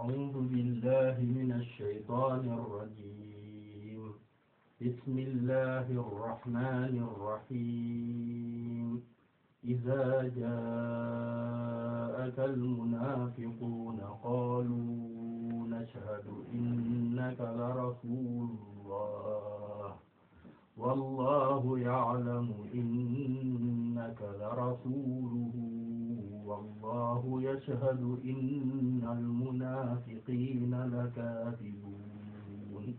أعوذ بالله من الشيطان الرجيم بسم الله الرحمن الرحيم إذا جاءك المنافقون قالوا نشهد إنك لرسول الله والله يعلم إنك لرسوله والله يشهد إن المنافقين لكاذبون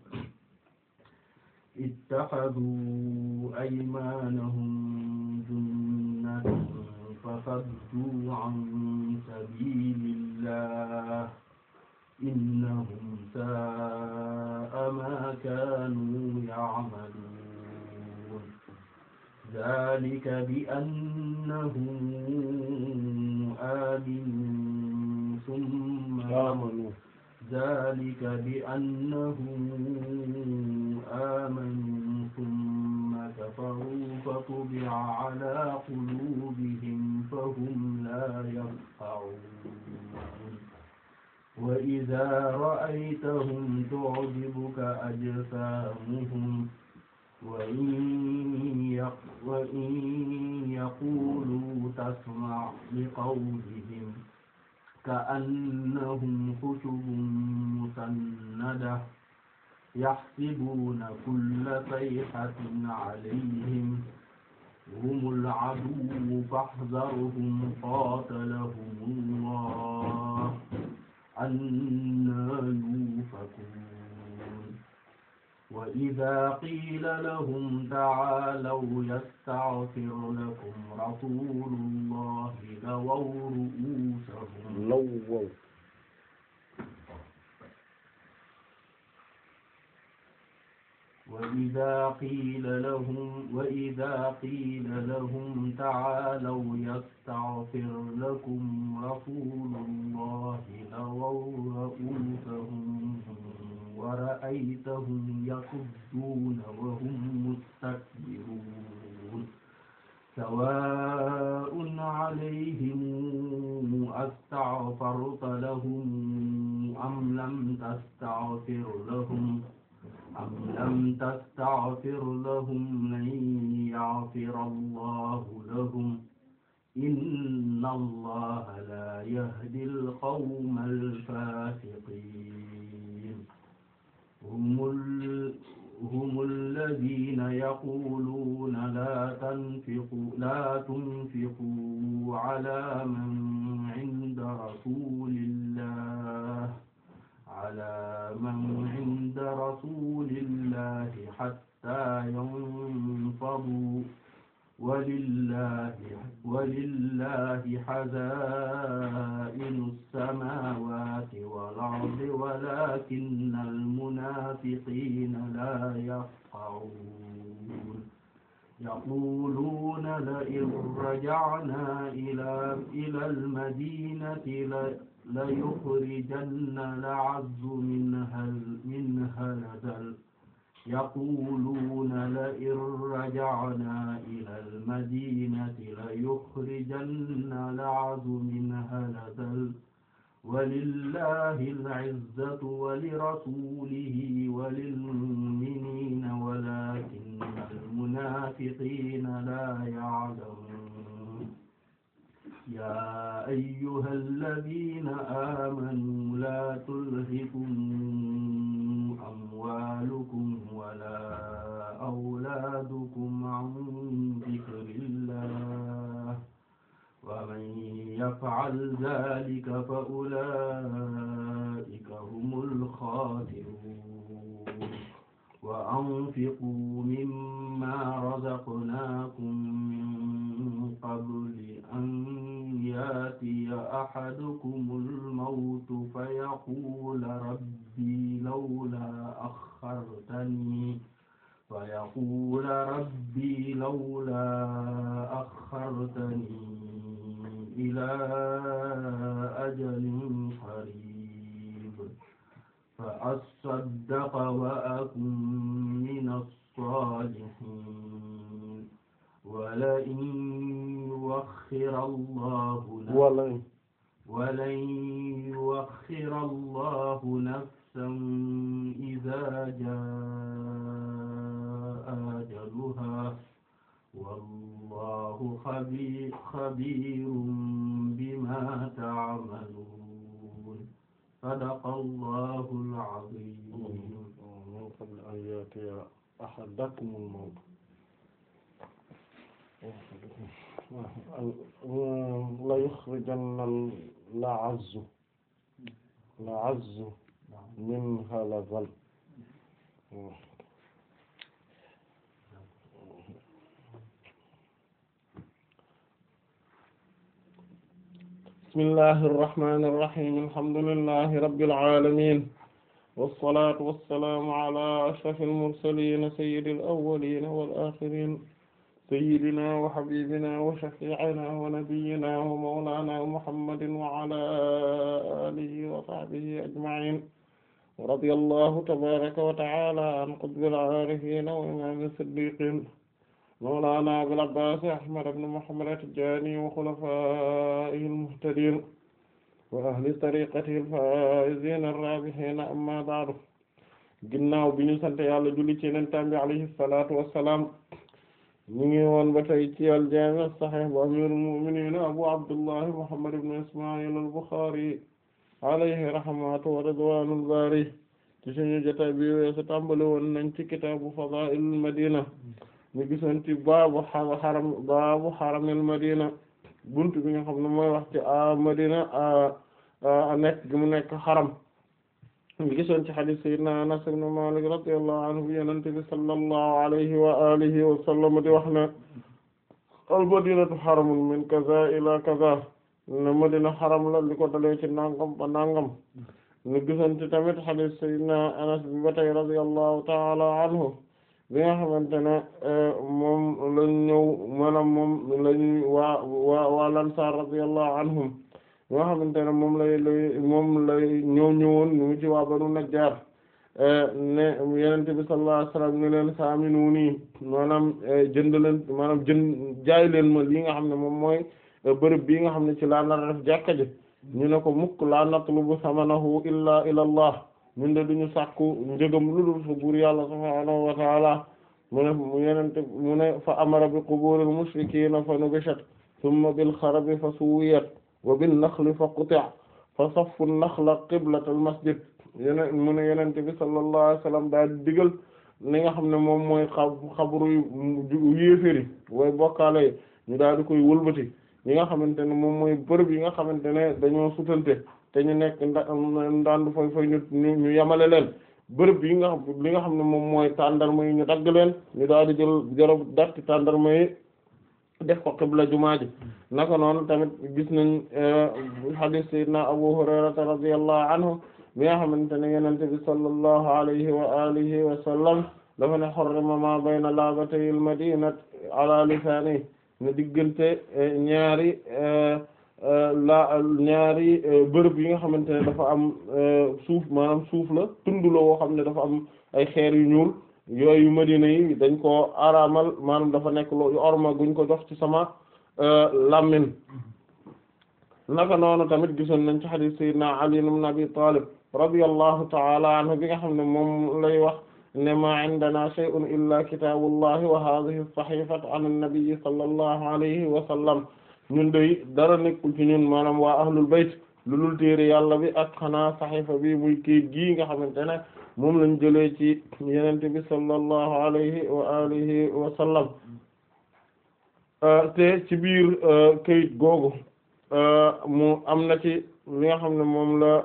اتخذوا أيمانهم جنة فصدوا عن سبيل الله إنهم ساء ما كانوا يعملون ذلك بأنهم آمنوا ثم آمنوا ذلك بأنهم آمنوا ثم كفروا فطبع على قلوبهم فهم لا يفقهون وإذا رأيتهم تعجبك أجسامهم وإن يقولوا تسمع لقولهم كأنهم خشب مسندة يحسبون كل صيحة عليهم هم العدو فاحذرهم قاتلهم الله أنا يوفكون وإذا قيل لهم تعالوا يستغفر لكم رسول الله لووا رؤوسهم لووا وإذا قيل لهم وإذا قيل لهم تعالوا يستغفر لكم رسول الله لووا رؤوسهم ورأيتهم يصدون وهم مستكبرون سواء عليهم أستغفرت لهم أم لم تستغفر لهم أم لم تستغفر لهم لن يغفر الله لهم إن الله لا يهدي القوم الفاسقين هم الذين يقولون لا تنفقوا لا تنفقوا على من عند رسول الله على من عند رسول الله حتى ينفضوا ولله ولله حزائن السماوات والأرض ولكن المنافقين لا يفقهون يقولون لئن رجعنا إلى إلى المدينة ليخرجن الأعز منها منها الأذل يقولون لئن رجعنا إلى المدينة ليخرجن الأعز منها الأذل ولله العزة ولرسوله وللمؤمنين ولكن المنافقين لا يعلمون يا أيها الذين آمنوا لا تلهكم أموالكم ولا أولادكم عن ذكر الله ومن يفعل ذلك فأولئك هم الخاسرون وأنفقوا مما رزقناكم من قبل أن يأتي أحدكم الموت فيقول ربي لولا أخرتني فيقول ربي لولا أخرتني إلى أجل قريب فأصدق وأكن من الصالحين ولئن يؤخر الله نفسا ولن يؤخر الله نفسا إذا جاء أجلها والله خبير خبير بما تعملون صدق الله العظيم. من قبل أن يأتي أحدكم الموت la yuxrijanna la'azzu la'azzu minha lazal bismillahi irrahmani irrahim alhamdulillahi rabbil alamin wassalatu wassalamu ala ashrafil mursalin sayyidil awwalin wal akhirin sayyidina wa habibina wa shafi'ina wa nabiyyina wa mawlana muhammadin wa ala alihi wa sahbihi ajma'in wa radiyallahu tabaraka wa ta'ala an qutbil arifin wa imam as-siddiqin mawlana abil abbas ahmad ibn muhammad at-tijani wa khulafa'ihi al-muhtadin wa ahli tariqatihi al-fa'izin ar-rabihin amma ba'du ginnaaw bi ñu sant yàlla julli ci Yonent bi alayhi salatu wassalam ñu ngi woon ba tey ci al-Jaami' as-Sahih bu amirul mu'minin abu abdullah muhammad ibn isma'il al-Bukhari alayhi rahmatu wa bari ci suñu jotaay bi weesu tàmbali woon nañ ci kitaabu fadaa'ilil madina ñu gisoon ci baabu xaram baabu xaramil madina buntu bi nga xam ne mooy wax ci a madina a nekk gi mu nekk xaram gisoon ci hadith sayyidina Anas ibn Malik radiyallahu anhu Yonent bi sallallahu alayhi wa alihi wa sallam di wax na al madinatu haramun min kaza ila kaza ne madina haram la li ko dalee ci nangam ba nangam ñu gisoon ci tamit hadith sayyidina Anas bi ba tey radiyallahu ta'ala anhu bi nga xamante ne eh, moom lañ ñëw maanaam moom lañ waa waa waa Ansaar radiyallahu anhum ñoo xamante ne moom lay lay moom lay ñoo ñëwoon ñu ci waa Banu Najjaar e, ne Yonent bi sallallahu alayhi wasallam ne leen saaminuunii maanaam e, jënd leen maanaam jënd jaay ma lii nga xam ne moom mooy e, bërëb bii nga xam ne ci laa nar a jàkka ji ñu ne ko mukk laa natlubu samanahu illaa ilallah mu de duñu sàkku njëgam lu dul fa buur yàlla subhaanahu wa taala mu ne mu yenente mu ne fa amara bi quburil mushrikiina fa nubishat thumma bil xarabi fa suwiyat wa bin naxli fa qutia fa saffu naxla qiblatal masjid yeneen mu ne yenente bi sallallahu alayhi wasallam daa digal ni nga xam ne moom mooy xab xabru yéeféri way bokkaale ñu daal di koy wëlbati ñi nga xamante ne moom mooy bërëb yi nga xamante ne dañoo sutante te ñu nekk nda ndandu fay fay ñu ñu yemale leen bërëb yi nga xam li nga xam ne moom mooy tàndarma yi ñu dagg leen ñu daal di jël jarab datti tàndarma yi def ko qibla jumaa ji naka noonu tamit gis nañ euh, hadith sayyidina Abu Hurayrata radiyallahu anhu bi nga xamante ne yenente bi sallallahu alayhi wa alihi wa sallam dafa ne harrama ma bayna laabatay al-madina ala lisani ne diggante euh, ñaari euh, la ñaari bërëb yi nga xamante ne dafa am suuf maanaam suuf la tund woo xam ne dafa am ay xeer yu ñuul yooyu madina yi dañ ko araamal maanaam dafa nekk lu orma guñ ko jox ci sama euh, làmmin naka noonu tamit gisoon nañ ci hadith sayyidina Ali ibn Abi Talib radiyallahu ta'ala anhu bi nga xam ne moom lay wax ne ma indana shay'un illa kitaabullahi wa hadhihi as-sahifatu an an sallallahu alayhi wa sallam ñun dey dara nekkul ci ñun maanaam waa ahlul bayt lu dul téere yàlla bi ak xanaa sahifa bi muy kii gi nga xam ne moom lañ jëlee ci yenente bi sallallahu alayhi wa alihi wa sallam euh, te ci biir euh, kayit googu euh, mu am na ci li nga xam ne moom la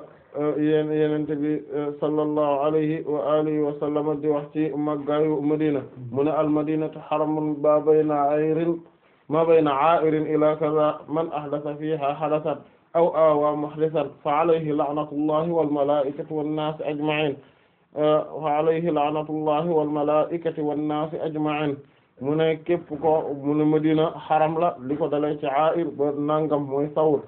yeen yenente bi sallallahu alayhi wa alihi wa sallama di wax ci màggaayu madina mu ne al madinatu haramun ba bayna ayrin ma bayna a'irin ila kaza man ahdatha fiha hadathan aw awa muhdathan fa alayhi la'natullahi wal mala'ikati wan nas ajma'in wa alayhi laanatullahi wal malaikati wan naasi ajma'in mu ne képp ko mu ne Madina xaram la li ko dalee ci Aa'ir ba nangam mooy sawr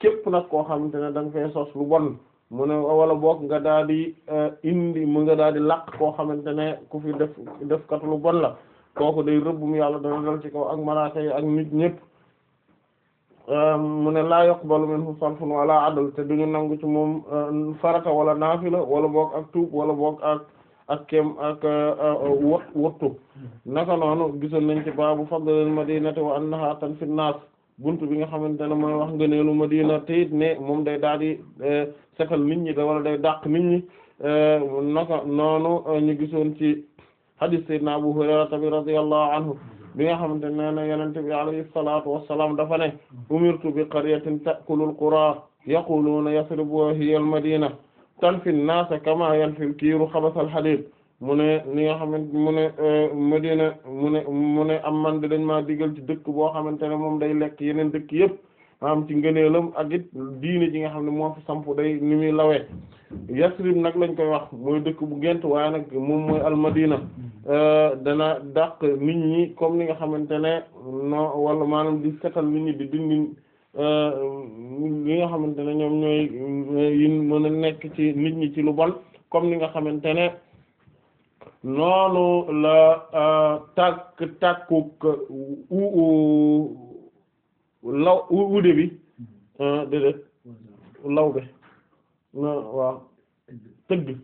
képp nag koo xamante ne da nga fay sos lu bon mu ne wala boog nga daal di eh, indi mu nga daal di laq koo xamante ne ku fi def defkat lu bon la kooku day mu yàlla dana dal ci ko ak malaaka yi ak nit ñëpp Ehm, mu ne laa yuqbalu minhu sarfun wala adl te duñu nangu ci moom ehm, farata wala naafila wala boog ak tuub wala boog ak ak kem ak eh, wat wattu naka noonu gisoon nañ ci baabu fadlil madinati wa annaha tanfi naas bunt bi nga xamante ne mooy wax ngëneelu madina te it ne moom day daal di eh, setal nit ñi da wala day dàq nit ñi eh, naka noonu ñu gisoon ci hadis sayyidina Abu Hurayra tabi radiyallahu anhu bi nga xamante ne ne yenente bi alayhi salatu wassalam dafa ne umirtu bi qaryatin ta'kulul qura yaquluna yasribu wa hiya al madina tanfi an-nas kama yanfi al-kiiru khabasa al-hadid mu ne ni nga xamante mu ne e, madina mu ne mu ne am man dañ ma digal ci dëkk boo xamante ne moom day lekk yeneen dëkk yëpp maanaam ci ngëneelam ak it diine ji nga xam ne moo fi samp day ni muy lawee Yasrib nag lañ koy wax mooy dëkk bu gent waaye nag moom mooy almadina euh, dana dàq nit ñi comme ni nga xamante ne non wala maanaam di setal nit ñi di dindi euh, nga xamante ne ñoom ñooy euh, nekk ci nit ñi ci lu bon comme ni nga xamante ne noonu la tàkk tàkkuk uu law wude bi déedéet law be tëgg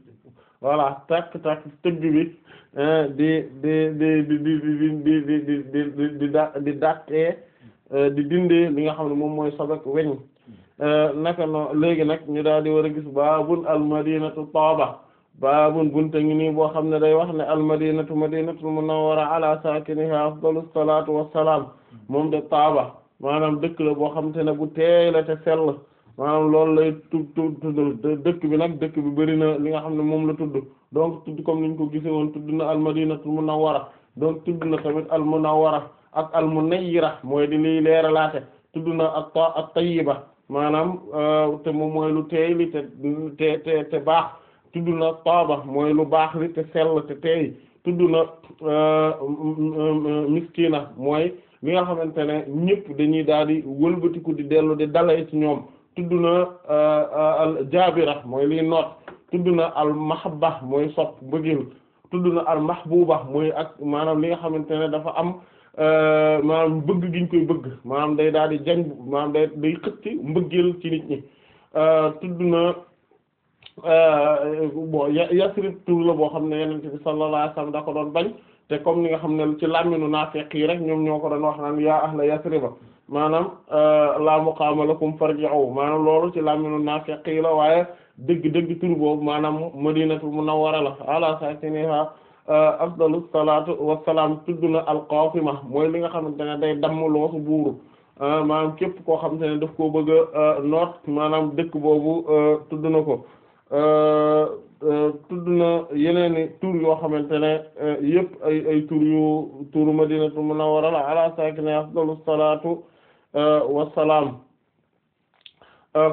voilà takk takk tëgg bi di di di di di di di di di dindee li nga xam ne moom mooy sobek weñ naka no léegi nag ñu daal di war a gis baabun almadinatu taaba baabun bunte ngi nii boo xam ne day wax ne almadinatu madinatul munawwara ala saakiniha afdalus salaatu wassalaam moom de taaba maanaam dëkk la boo xamante ne bu teey la te sell maanaam loolu lay tudd tudd dëkk bi nag dëkk bi bëri na li nga xam ne moom la tudd donc tudd comme niñ ko gisee woon tudd na almadinatul munawwara donc tudd na tamit al munawwara ak al munayyira mooy di liy leeralaate tudd na ak ak tayyiba maanaam euh, te moom mooy lu teey li te te te te baax tudd na taaba mooy lu baax li te sell te teey tudd na euh, miskina mooy mi nga xamante ne ñëpp dañuy daal di wëlbatiku di dellu di dalay ci ñoom tudd na euh, euh, al jaabira mooy liy noot tudd na al mahabba mooy sopp mbëggeel tudd na al mahbuba mooy ak maanaam li nga xamante ne dafa am euh, maanaam bëgg giñ koy bëgg maanaam day daal di jañ maanaam day day xëcc mbëggeel ci nit ñi tudd na bon yasrib la boo xam ne yenente bi sallallahu alayhi da ko doon bañ te comme ni nga xam ne ci làmminu naafiq yi rek ñoom ñoo ko doon wax naan yaa ahla yasriba maanaam euh, laa la muqaama lakum farji'u maanaam loolu ci làmminu naafiq yi la waaye dëgg-dëgg tur boobu maanaam madinatu munawwara la ala saakiniha euh, afdalu salaatu wassalaam tudd na alqaasima mooy li nga xam ne day damm loosu buuru euh, maanaam képp koo xamante ne daf koo bëgg a noot maanaam dëkk boobu tudd na ko Euh, tudd na yeneeni tur yoo xamante ne euh, yëpp ay ay tur yu turu madinatu waral la ala sakina afdalu salaatu euh, wassalaam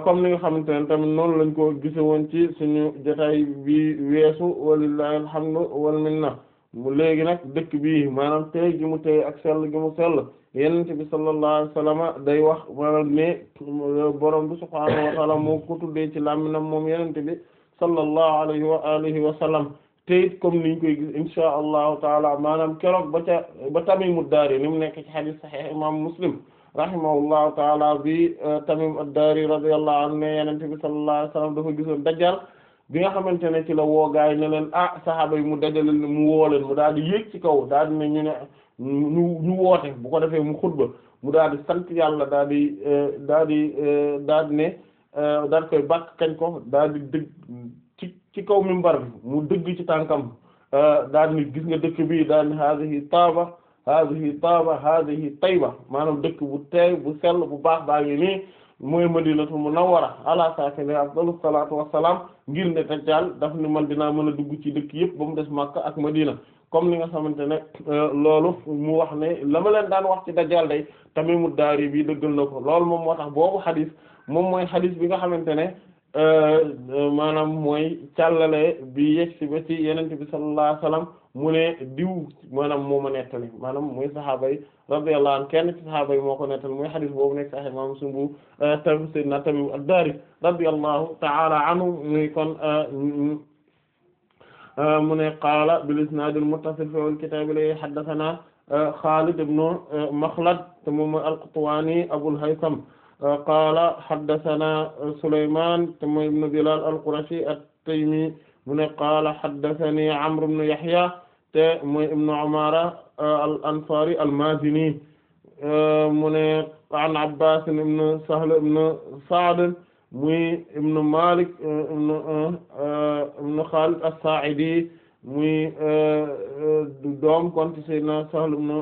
comme ni nga xamante ne tamit noonu lañ ko gise woon ci suñu jotaay bi weesu walillahi alhamdu wal minna mu léegi nag dëkk bi maanaam tey gi mu tey ak sell gi mu sell yenente bi sallallahu alayhi day wax maanaam ne borom bi subhaanahu wa taala moo ko tuddee ci làmminam moom yenente bi sallallahu alayhi wa alihi wa salaam te it comme niñ koy gis insha allahu taala maanaam keroog ba ca ba Tamimu Daari ni mu nekk ci hadith sahih imam Muslim rahimahullahu taala bi eh, Tamim ad-Daari radiyallahu anhu ne yenente bi sallallahu alayhi wa sallam dafa gisoon dajjal bi nga xamante ne ci la woogaay ne leen ah sahaaba yi mu dajale mu woo leen mu daal di yéeg ci kaw daal di ne ñu ne ñu ñu woote bu ko defee mu xutba mu daal di sant yàlla daal di eh, daal di eh, daal di ne Euh, daal koy bàkk kañ ko daal di dëgg ci ci kaw mimbar bi mu dëgg ci tànkam euh, daal ni gis nga dëkk bii daal ni haadihi taaba haadihi taaba haadihi tayba maanaam dëkk bu teey bu sell bu baax baa ngi nii mooy madinatu munawwara ala saakini afdalu salaatu wassalaam ngir ne dajjaal daf ni man dinaa mën a dugg ci dëkk yëpp ba mu des Makka ak Madina comme ni nga xamante ne euh, loolu mu wax ne la ma leen daan wax ci dajjaal day tamit mu daari bii dëggal na ko loolu moom moo tax boobu xadiis moom mooy xadis bi nga xamante ne euh, maanaam mooy càllale bi yegg si ba ci yenente bi sallallahu alayhi wasallam mu ne diw maanaam moo ma nettali maanaam muy saxaaba yi radiyallahu anhu kenn ci saxaaba yi moo ko nettali muy xadis boobu nekk saxi maam sumbu euh, tam sayyidina Tamim ad-Dari radiyallahu ta'ala anhu muy kon euh, mu ne qaala bil isnaadil muttasil fil kitaab li haddathana Xaalid ibn Maxlad te moom mooy al-Qutwaani Abul Haytham qaala haddathana Sulaymaan te mooy ibnu Bilaal al-Qurashi at-Taymi mu ne qaala haddathani Amr ibn Yahya te mooy ibnu Umaara euh, al-Ansaari al-Maazini euh, mu ne an Abbaas ibn Sahl ibn Sa'd muy ibnu Maalik euh, ibnu Xaalid as-Saa'idi muy doom kon ci Sayyidina Sahl ibn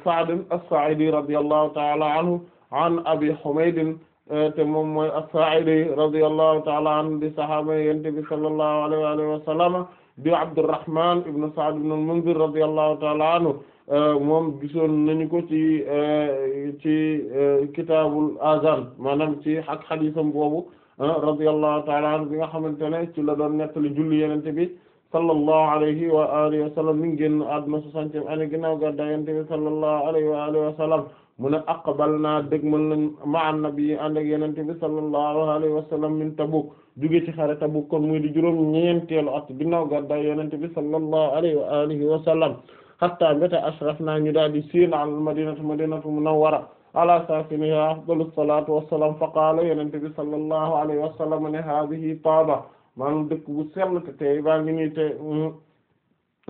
Sa'd as-Saa'idi radiyallahu ta'ala anhu an abi humaydin eh, te moom mooy as-Sa'idi radiyallahu ta'ala anhu di sahaaba yonent bi sallallahu alayhi wa sallam di Abdurrahman ibn Sa'd ibn al-Munzir radiyallahu ta'ala anhu eh, moom gisoon nañu ko ci eh, ci kitaabul azan maanaam ci ak xadiisam boobu radiyallahu ta'ala anhu bi nga xamante ne ci la doon nettali julli yonent bi sallallahu alayhi wa alihi wa sallam mi ngi génn àdduna soixantième année ginnaaw gàddaay yonent bi sallallahu alayhi wa alihi wa sallam mu ne aqbalna dëgmal nañ ma'an nabi ànd ak yenente bi sallallahu alayhi wa sallam min Tabuk jóge ci xare Tabuk kon muy di juróom ñeenteelu at ginnaaw gàddaay yenente bi sallallahu alayhi wa alihi wa sallam hatta mbéta ashrafna ñu daal di siin al madinatu madinatu munawwara ala saakiniha afdalu salatu wassalam fa qaala yenente bi sallallahu alayhi wa sallam ne hadhihi Taaba maanaam dëkk bu sell te tey baa ngi nii te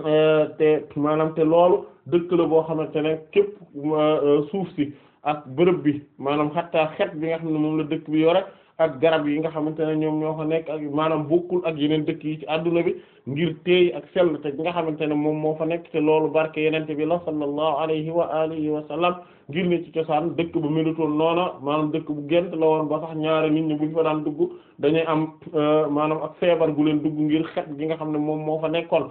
Euh, te maanaam te loolu dëkk la boo xamante ne képp euh, suuf si ak bërëb bi maanaam xattaa xet bi nga xam ne moom la dëkk bi yore ak garab yi nga xamante ne ñoom ñoo ko nekk ak maanaam bokkul ak yeneen dëkk yi ci àdduna bi ngir teey ak sell te nga xamante ne moom moo fa nekk te loolu barke yenente bi la sallallahu alayhi wa alihi wa sallam ngir ne ci cosaan dëkk bu melutoon noona maanaam dëkk bu gent la woon ba sax ñaari nit ñi buñ fa daan dugg dañuy am euh, maanaam ak feebar gu leen dugg ngir xet gi nga xam ne moom moo fa nekkoon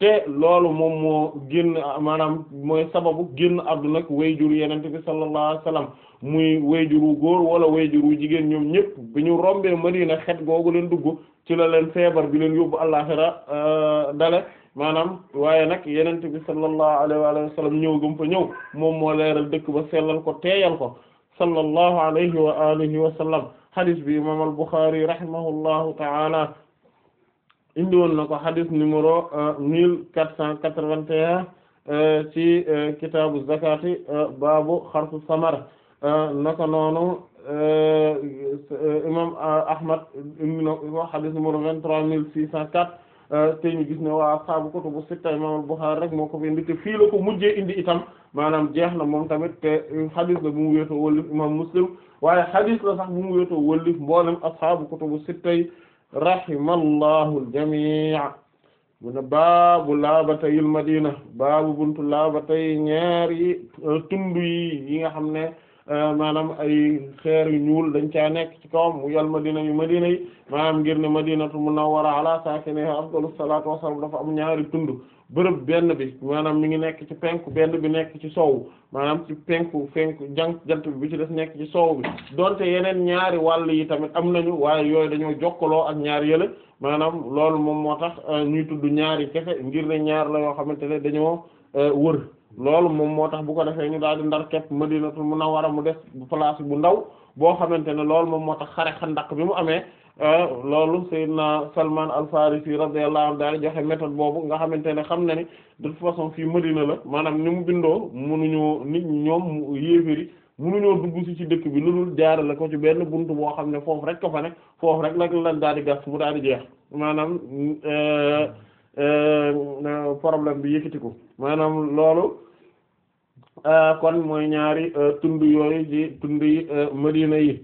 te loolu moom moo génn maanaam mooy sababu génn àdduna ak wayjur yenente bi sallallahu alayhi wasallam muy wayjuru góor wala wayjuru jigéen ñoom ñëpp bi ñu rombee Madina xet googu leen dugg ci la leen feebar bi leen yóbbu àllaxira euh, dale maanaam waaye nag yenente bi sallallahu alayhi wa sallam ñëw gëm fa ñëw moom moo leeral dëkk ba seelal ko teeyal ko sallallahu alayhi wa alihi wa sallam hadis bi imam al-Bukhari rahimahullahu ta'ala indi woon na ko hadith numéro euh, mille quatre cent quatre-vingt-un euh, ci euh, kitaabu zakati baabu xarfu samar naka noonu imam Ahmad indi na ko hadith numéro vingt-trois mille six cent quatre tey ñu gis ne waa saabu kutubu sitta imam al-Bukhari rek moo ko fi indi te fii la ko mujjee indi itam maanaam jeex na moom tamit te hadith la bu mu wéetoo wëllif imam Muslim waaye hadith la sax bu mu wéetoo wëllif mboolem ashaabu kutubu sitta rahimallahu al-jamii' mu ne baabu laabatayil madina baabu buntu laabatay ñaari euh, tund yi yi nga xam ne Euh, maanaam ay xeer yu ñuul dañ caa nekk ci kawam mu yal madina yu madina yi maanaam ngir ne madinatu munawwara ala saakinihaa afdalu salaatu wassalaam dafa am ñaari tund bërëb benn bi maanaam mi ngi nekk ci penku benn bi nekk ci sow maanaam ci penku penku jant jant bi bi ci des nekk ci sow bi donte yeneen ñaari wàll yi tamit am nañu waaye yooyu dañoo jokkaloo ak ñaar yële maanaam loolu moom moo tax euh, ñuy tudd ñaari kese ngir ne ñaar la yoo xamante ne dañoo euh, wër loolu moom moo tax bu ko defee ñu daal di ndar képp Madinatul Munawwara mu des place bu ndaw boo xamante ne loolu moom moo tax xare Xandaq bi mu amee euh, loolu Seydina Salman al-Farisi radiyallahu anhu daal joxe méthode boobu nga xamante ne xam na ni de toute fi fii Madina la maanaam ni mu bindoo mënuñoo nit ñoom yéeféri mënuñoo dugg si ci dëkk bi lu dul jaarale ko ci benn bunt boo xam ne foofu rek ko fa ne foofu rek la lan daal di gas mu daal di maanaam euh, euh, problème bi yëkkati ko Euh, kon mooy ñaari euh, tund yooyu ji tund yi euh, Madina yi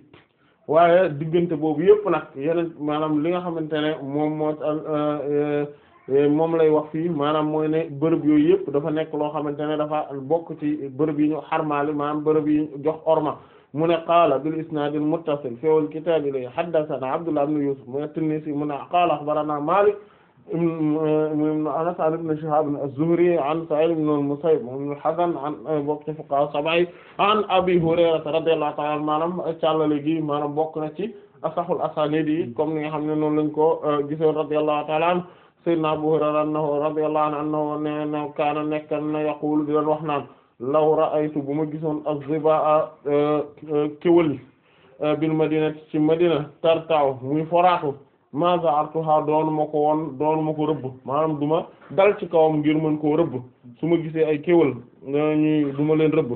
waaye diggante boobu yëpp nag yeneen maanaam li nga xamante ne moom moo moom lay wax fii maanaam mooy ne bërëb yooyu yëpp dafa nekk loo xamante ne dafa bokk ci bërëb yi ñu xarmaali maanaam bërëb yi jox orma mu ne qaala bil isnaadil muttasil fi al kitaab li haddathana Abdullah ibn Yusuf mu ne mu ne qaala akhbarana Malik Anas an ibn Shihab az-Zuhri an Sa'id ibn al-Musayyib ibn al-Hasan an bokk ci fuqaha sab'a an Abi Hurayra radiyallahu ta'ala maanaam càllale gi maanaam bokk na ci asaxul asaanid yi comme ni nga xam ne noonu lañ ko euh, gisoon radiyallahu ta'ala an sayyidina Abu Hurayra annahu radiyallahu anhu nee na kaana nekkan na yaqulu di doon wax naan law ra'aytu bu ma gisoon az-zibaa euh, euh, kéwali bil madinati ci Madina tartaw muy foraatu maa maza artuha doonu ma ko woon doonu ko rëbb maa du ma dal ci kawam ngir mën koo rëbb su ma gisee ay kéwal ñuy du ma leen rëbb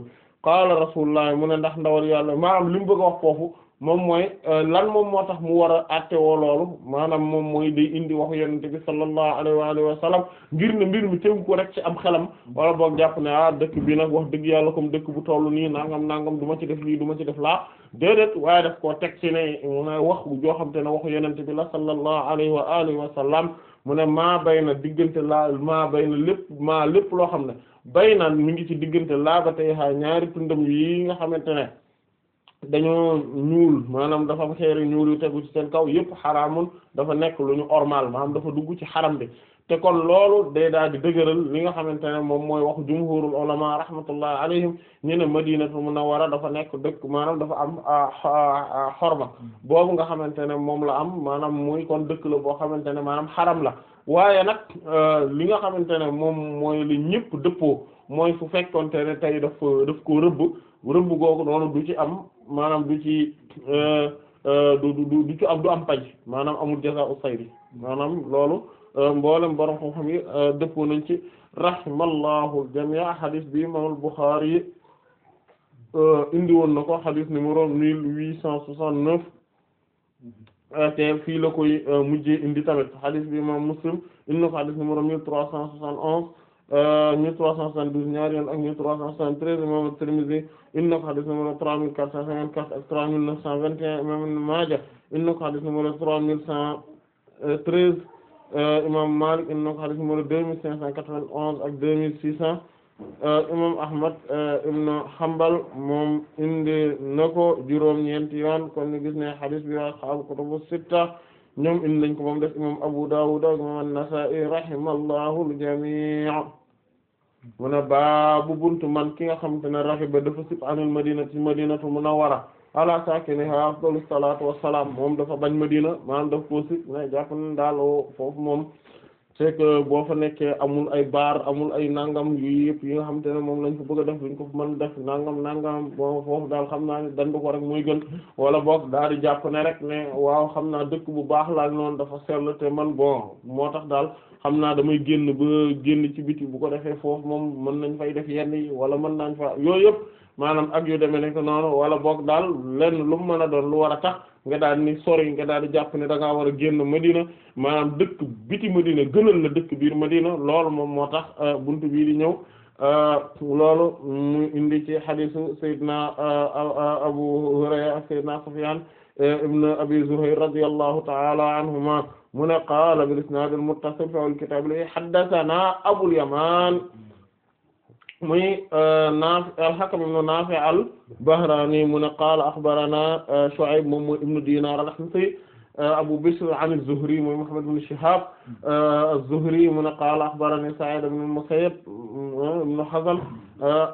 qaala rasulullah mu ne ndax ndawal yàlla maanaam li mu bëgg a wax foofu moom mooy euh, lan moom moo tax mu war a attewoo loolu maanaam moom mooy day indi waxu yonent bi sallallahu alayhi wa sallam ngir ne mbir mi tegu ko rek ci am xelam wala boog jàpp ne ah dëkk bi nag wax dëgg yàlla comme dëkk bu toll nii nangam nangam du ma ci def lii duma ci def laa déedéet waaye def koo teg ci ne wax joo xam te ne waxu yonent bi la sallallahu alayhi wa alihi wa sallam mu ne maa bay na diggante laa maa bay na lépp maa lépp loo xam ne bay na mi ngi ci diggante laa ba tey ñaari tundam yi nga xamante ne dañoo ñuul maanaam dafa am xeer yu ñuul yu tegu ci seen kaw yëpp xaraamun dafa nekk lu ñu ormal maanaam dafa dugg ci xaram bi te kon loolu day daal di dëgëral li nga xamante ne moom mooy wax jumhurul ulama rahmatullah alayhim ñu ne madinatul munawwara dafa nekk dëkk maanaam dafa am ah, ah, xorma boobu nga xamante ne moom la am maanaam muy kon dëkk la boo xamante ne maanaam xaram la waaye nag euh, li nga xamante ne moom mooy li ñëpp dëppoo mooy fu fekkonte ne tey daf daf ko rëbb rëbb googu noonu du ci am maanaam du ci euh, euh, du du ci am du am paj maanaam amul jazaa'u sayri maanaam loolu euh, mboolem borom xam-xam yi dëppoo nañ ci rahimallahu al-jamii' hadith bi imam al-Bukhari indi woon na ko hadith numéro mille huit cent soixante-neuf te fii la koy mujjee indi tamit hadith bi imam Muslim indi na ko hadith numéro mille trois cent soixante-onze mille trois cent soixante-douze ñaari yoon ak mille trois cent soixante-treize imam Tirmidhi indi na ko xadis numéro 3454 ak 3921 imam Ibn Maaja indi na ko xadis numéro 3113 euh, imam Maalik indi na ko xadis numéro 2591 ak 2600 euh, imam Ahmad euh, ibn Hanbal moom indi na ko juróom-ñeenti yoon kon ñu gis ne xadis bi wa ashaabu kutubu sitta ñoom indi ko moom def imam Abu Dawud imam An-Nasaa'i rahimallahu al mu ne baabu buntu man ki nga xam xamante ne ba dafa sib anil madinati madinatu munawwara ala saakinihaa afdalu salaatu wassalaam moom dafa bañ madina maanaam daf koo sib na jàpp ne daal foofu moom c'est boo fa nekkee amul ay baar amul ay nangam yu yëpp yi nga xamante ne moom lañ fa bëgg a def duñ ko mën def nangam nangam bon foofu daal xam naa ne dandu ko rek muy gën wala boog daal di jàpp ne rek ne waaw xam naa dëkk bu baax laa noonu dafa sell te man boo moo tax daal xam naa damay génn ba génn ci biti bu ko defee foofu moom mën nañ fay def yenn yi wala mën nañ fa yooyu yëpp maanaam ak yu demee nekk noonu wala boog daal lenn lu mën a doon lu war a tax nga daal ni sori nga daal di jàpp ne da ngaa a génn Madina maanaam dëkk biti Madina gënal na dëkk biir Madina loolu moom moo tax euh, bunt bii di ñëw euh, loolu mu indi ci xadisu Seydina euh, Abu Hurayra Seydina Sufyan ibn Abi Zuhayr radiyallahu ta'ala anhuma mu ne qaala bil isnaad al muttasil fi al kitaab li haddasanaa Abul Yamaan muy euh, Naafi al-Hakam ibn Naafi al-Bahraani mu ne qaala axbaranaa euh, Shu'ayb moom mooy ibnu Diinaar al-Himsi euh, Abu Bishr an az-Zuhri mooy Muhammad ibn Shihaab az-Zuhri mu ne qaala axbaranii Sa'iid ibn al-Musayyib ibn Hazl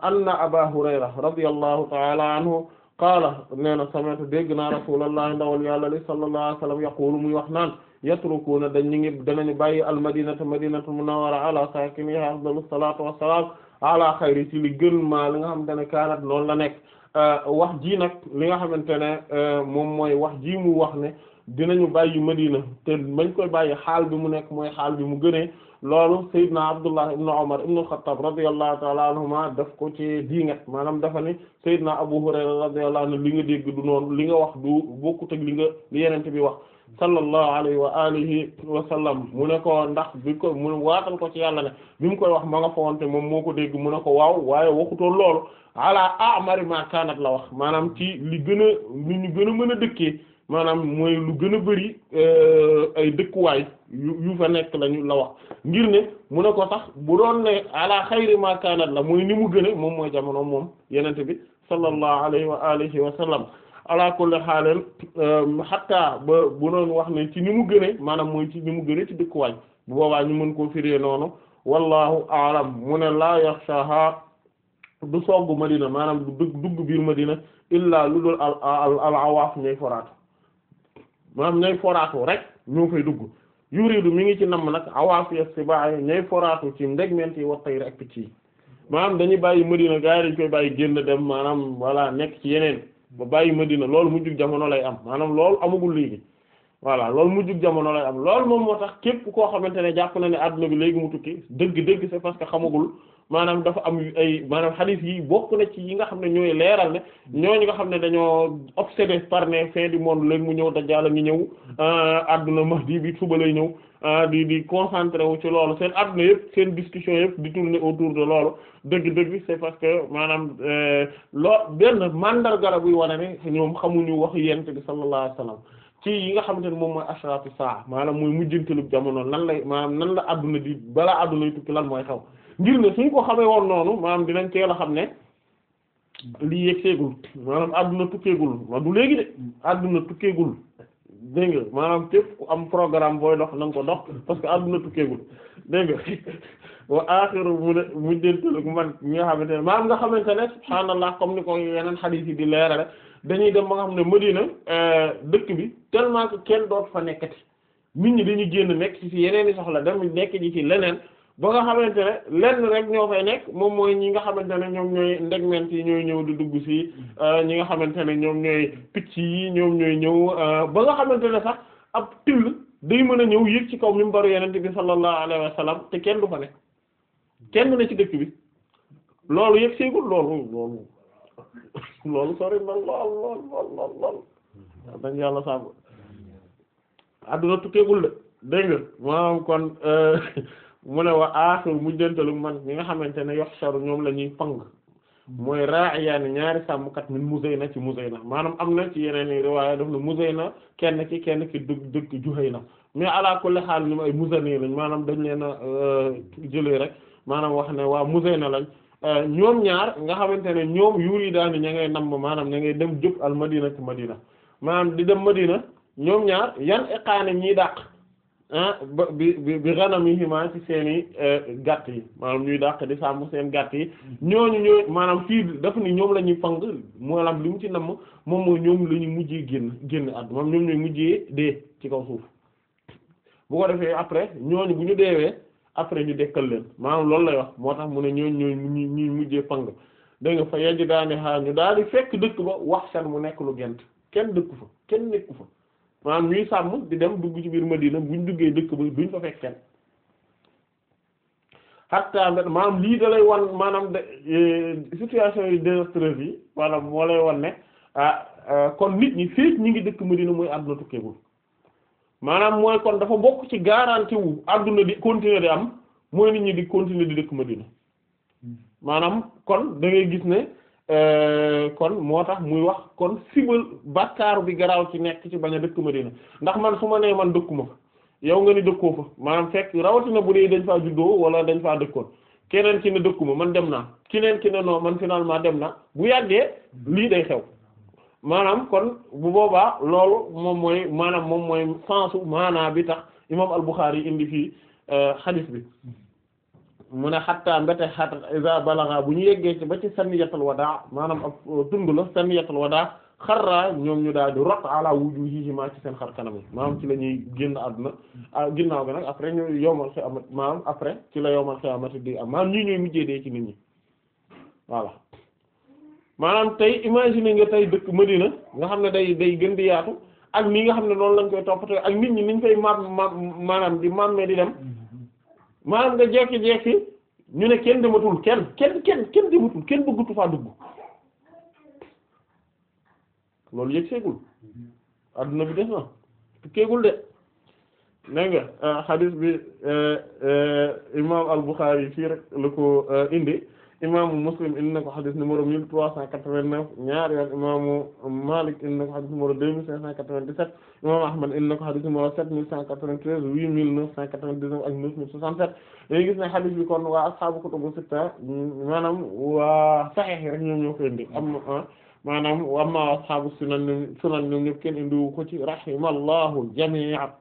anna Abaa Hurayra radiyallahu ta'aala anhu qaala nee na sami'tu dégg naa Rasuulallaah ndawal Yàlla li sallallahu alayhi wa sallam yaquulu muy wax naan yatrukuuna dañ ñu ngi danañu bàyyi al madinata madinatu munawwara ala saakinihaa afdalu salaatu wassalaam ala xayri ci li gën maa li nga xam xamante ne kaanat noonu la nekk euh, wax ji nag li nga xamante ne euh, moom mooy wax ji mu wax ne dinañu bàyyi madina te bañ koy bàyyi xaal bi mu nekk mooy xaal bi mu gënee loolu Seydina Abdullah ibn Umar ibn al-Khattab radiyallahu ta'ala anhuma def ko ci diingat maanaam dafa ni Seydina Abu Hurayra radiyallahu li nga dégg du noonu li nga wax du bokkut ak li nga bi wax sallallahu alayhi wa alihi wa sallam mu ne ko ndax bi ko mu waatal ko ci yàlla ne bi mu koy wax ma nga fowante moom moo ko dégg mu ne ko waaw waaye waxutoon loolu ala amari ma kaanat la wax maanaam ci li gën a li ñu gën a mën a dëkkee maanaam mooy lu gën a bëri euh, ay dëkkuwaay yu yu fa nekk lañu la wax ngir ne mu ne ko sax bu doon ne ala xayri ma kaanat la muy ni mu gën a moom mooy jamono moom yenent bi sallallahu alayhi wa alihi wa sallam ala kulli xaaleen euh, ba bu doon wax ne ci ni mu gënee maanaam mooy ci ni mu gënee ci dëkkuwaay bu boobaa ñu mën koo firee noonu wallahu aalam mu ne laa yaxshaha du sogg madina maanaam du dugg dugg biir madina illaa lu dul al al al awaaf ñay foraatu maanaam ñay foraatu rek ñoo fay dugg yuridu mi ngi ci namm nag awaaf yastibaa'i ñay foraatu ci ndegment yi wa tayr rek picc yi maanaam dañuy bàyyi madina gaa yi dañ koy bàyyi génn dem maanaam walla nekk ci yeneen ba bàyyi ma Madina loolu mujjug jamono lay am maanaam loolu amagul léegi voilà loolu mu mujjug jamono lay am loolu moom moo tax képp koo xamante ne jàpp na ne adduna bi léegi mu tukki dëgg-dëgg c'est parce que xamagul maanaam dafa am ay maanaam xadiis yi bokk na ci yi nga xam ne ñooy leeral ne ñooñu nga xam ne dañoo obsédé par ne fin du moom léegi mu ñëw dajjaal a ngi ñëw adduna euh, mahdi bi suba lay ñëw Euh, di di concentré wu ci loolu seen adduna yëpp seen discussion yëpp di tourner autour de loolu dëgg-dëgg c'est parce que maanaam euh, loo benn mandargala buy wane ne ñoom xamuñu wax yent bi sallallahu alayhi wasallam ci yi nga xamante ne moom mooy ashratu saa maanaam mooy mujjantalub jamono lan lay maanaam nan la adduna di balaa adduna tukki lan mooy xew ngir ne suñ ko xamee woon noonu maam dinañ teel a xam ne lii yegseegul maanaam adduna tukkeegul ma du léegi de tukkeegul dégg nga maanaam képp am programme booy dox na nga ko dox parce que àdduna tukkeegul dégg nga wa aaxiru mu ne mujjantalug man ñi nga xamante ne maanaam nga xamante ne subhaanallah comme ni ko yeneen xadiis yi di leerale dañuy dem ba nga xam ne Madina euh, dëkk bi tellement que kenn doot fa nekkati nit ñi dañuy génn nekk ci yeneen i soxla dem nekk ci leneen ba nga xamante ne lenn rek ñoo fay nekk moom mooy ñi nga xamante ne ñoom ñooy ndegment yi ñooy ñëw di dugg ci euh, ñi nga xamante ne ñoom ñooy picc yi ñoom ñooy ñëw euh, ba nga xamante ne sax ab till day mën a ñëw yéeg ci kaw minbaru yenente bi sallallahu alayhi wa sallam te kenn du fa nekk kenn na ci dëkk bi loolu yëg seegul loolu loolu loolu sori na lool lool lool lool dañ yàlla sàmm adduna tukkeegul de dégg nga kon euh, mu ne wa aaxir mujjantalu man mi nga xamante ne yoxsaru ñoom la ñuy pang mooy raayaani ñaari sàmmkat min Muzayna ci na maanaam am na ci yeneen i riwaaya daf na kenn ki kenn ki dëkk dëkk Juhayna mais ala kulli xaal ñu ay maanaam dañ leen a euh, jëlee rek maanaam wax ne waa Muzayna lañ euh, ñoom ñaar nga xamante ne ñoom yuuri daani ña ngay namm maanaam ña ngay dem jub al madina ci madina maanam di dem madina ñoom ñaar yan iqaane ñiy dàq Ah, ba bi bi ghanamihima ci seeni eh, gàtt yi maanaam ñuy daq di sàmm seen gàtt yi ñooñu ñooy maanaam fii dafa ni ñoom la ñuy fang maanaam li mu ci namm moom mooy ñoom la ñuy mujjee génn génn at moom ñoom ñooy mujjee dee ci kaw suuf bu ko defee après ñooñu bu ñu deewee après ñu dekkal leen maanaam loolu lay wax moo tax mu ne ñooñu ñooy ñuy mujjee fang dégg nga fa yajji daane xaar ñu daal di fekk dëkk ba wax seen mu nekk lu gent kenn dëkku fa kenn nekku fa maanaam ñuy sàmm di dem dugg ci biir Madina buñ duggee dëkk ba duñ fa fekk kenn hatta maanaam lii da lay wan maanaam de e, situation yi désastreuse yi walla moo lay wan ne ah, ah kon nit ñi féeg ñi ngi dëkk Madina mooy àdduna tukkeegul maanaam mooy kon dafa bokk ci garantie wu àdduna di continuer di am mooy nit ñi di continuer di dëkk Madina hmm. maanaam kon da gis ne. Euh, kon moo tax muy wax kon sibal bàkkaaru bi garaaw ci nekk ci bañ a dëkkuma Madina ndax man su ma nee man dëkku ma fa yow nga ni dëkkoo fa maanaam fekk rawatina bu dee dañ faa juddoo wala dañ faa dëkkoon keneen ki ne dëkku ma man dem naa keneen ki ne noo man finalement dem na bu yàggee lii day xew maanaam kon bu boobaa loolu moom mooy maanaam moom mooy sensu maanaa bi tax imam al yi indi fii xadiis euh, bi mu ne xatta mbéte xat iza balaga bu ñu yeggee ci ba ci saniyatul wadaa maanaam a dund uh, la saniyatul wadaa xarra ñoom ñu daal di rot ala wujuhihim ci seen xar kanam yi ci la ñuy génn àdduna ah, ginnaaw ga nag après ñu yowmal xiyaamati maanaam après ci la yowmal xiyaamati di am maanaam ñii ñooy mujjee dee ci nit ñi voilà maanaam tey imaginer nga tey dëkk Medina nga xam ne day day gën di yaatu ak nii nga xam ne noonu lañ koy toppatoo ak nit ñi niñ fay maam maam maanaam di maam di dem maanaam nga jekki-jekki ñu ne kenn dematul kenn kenn kenn kenn dematul kenn bëggutu faa dugg loolu yëg seegul adduna bi des na tukkeegul de dégg ah, hadith bi eh, eh, imam al-Bukhari fii rek la ko eh, indi imaamu Muslim indi na ko xadis numéro mille trois cent quatre-vingt-neuf ñaari yoon imaamu Malik indi na ko xadis numéro deux mille cinq cent quatre-vingt-dix-sept imaamu Ahmad indi na ko xadis numéro sept mille cent quatre-vingt-treize huit mille neuf cent quatre-vingt-dix-neuf ak neuf mille soixante-sept dañuy gis ne xadis bi kon waa ashaabu kutubu sitta maanaam waa saxiix rek ñoom ñoo ko indi am maanaam amma ashaabu sunan sunan ñoom ñëpp kenn indiwu ko ci rahimallahu jami'a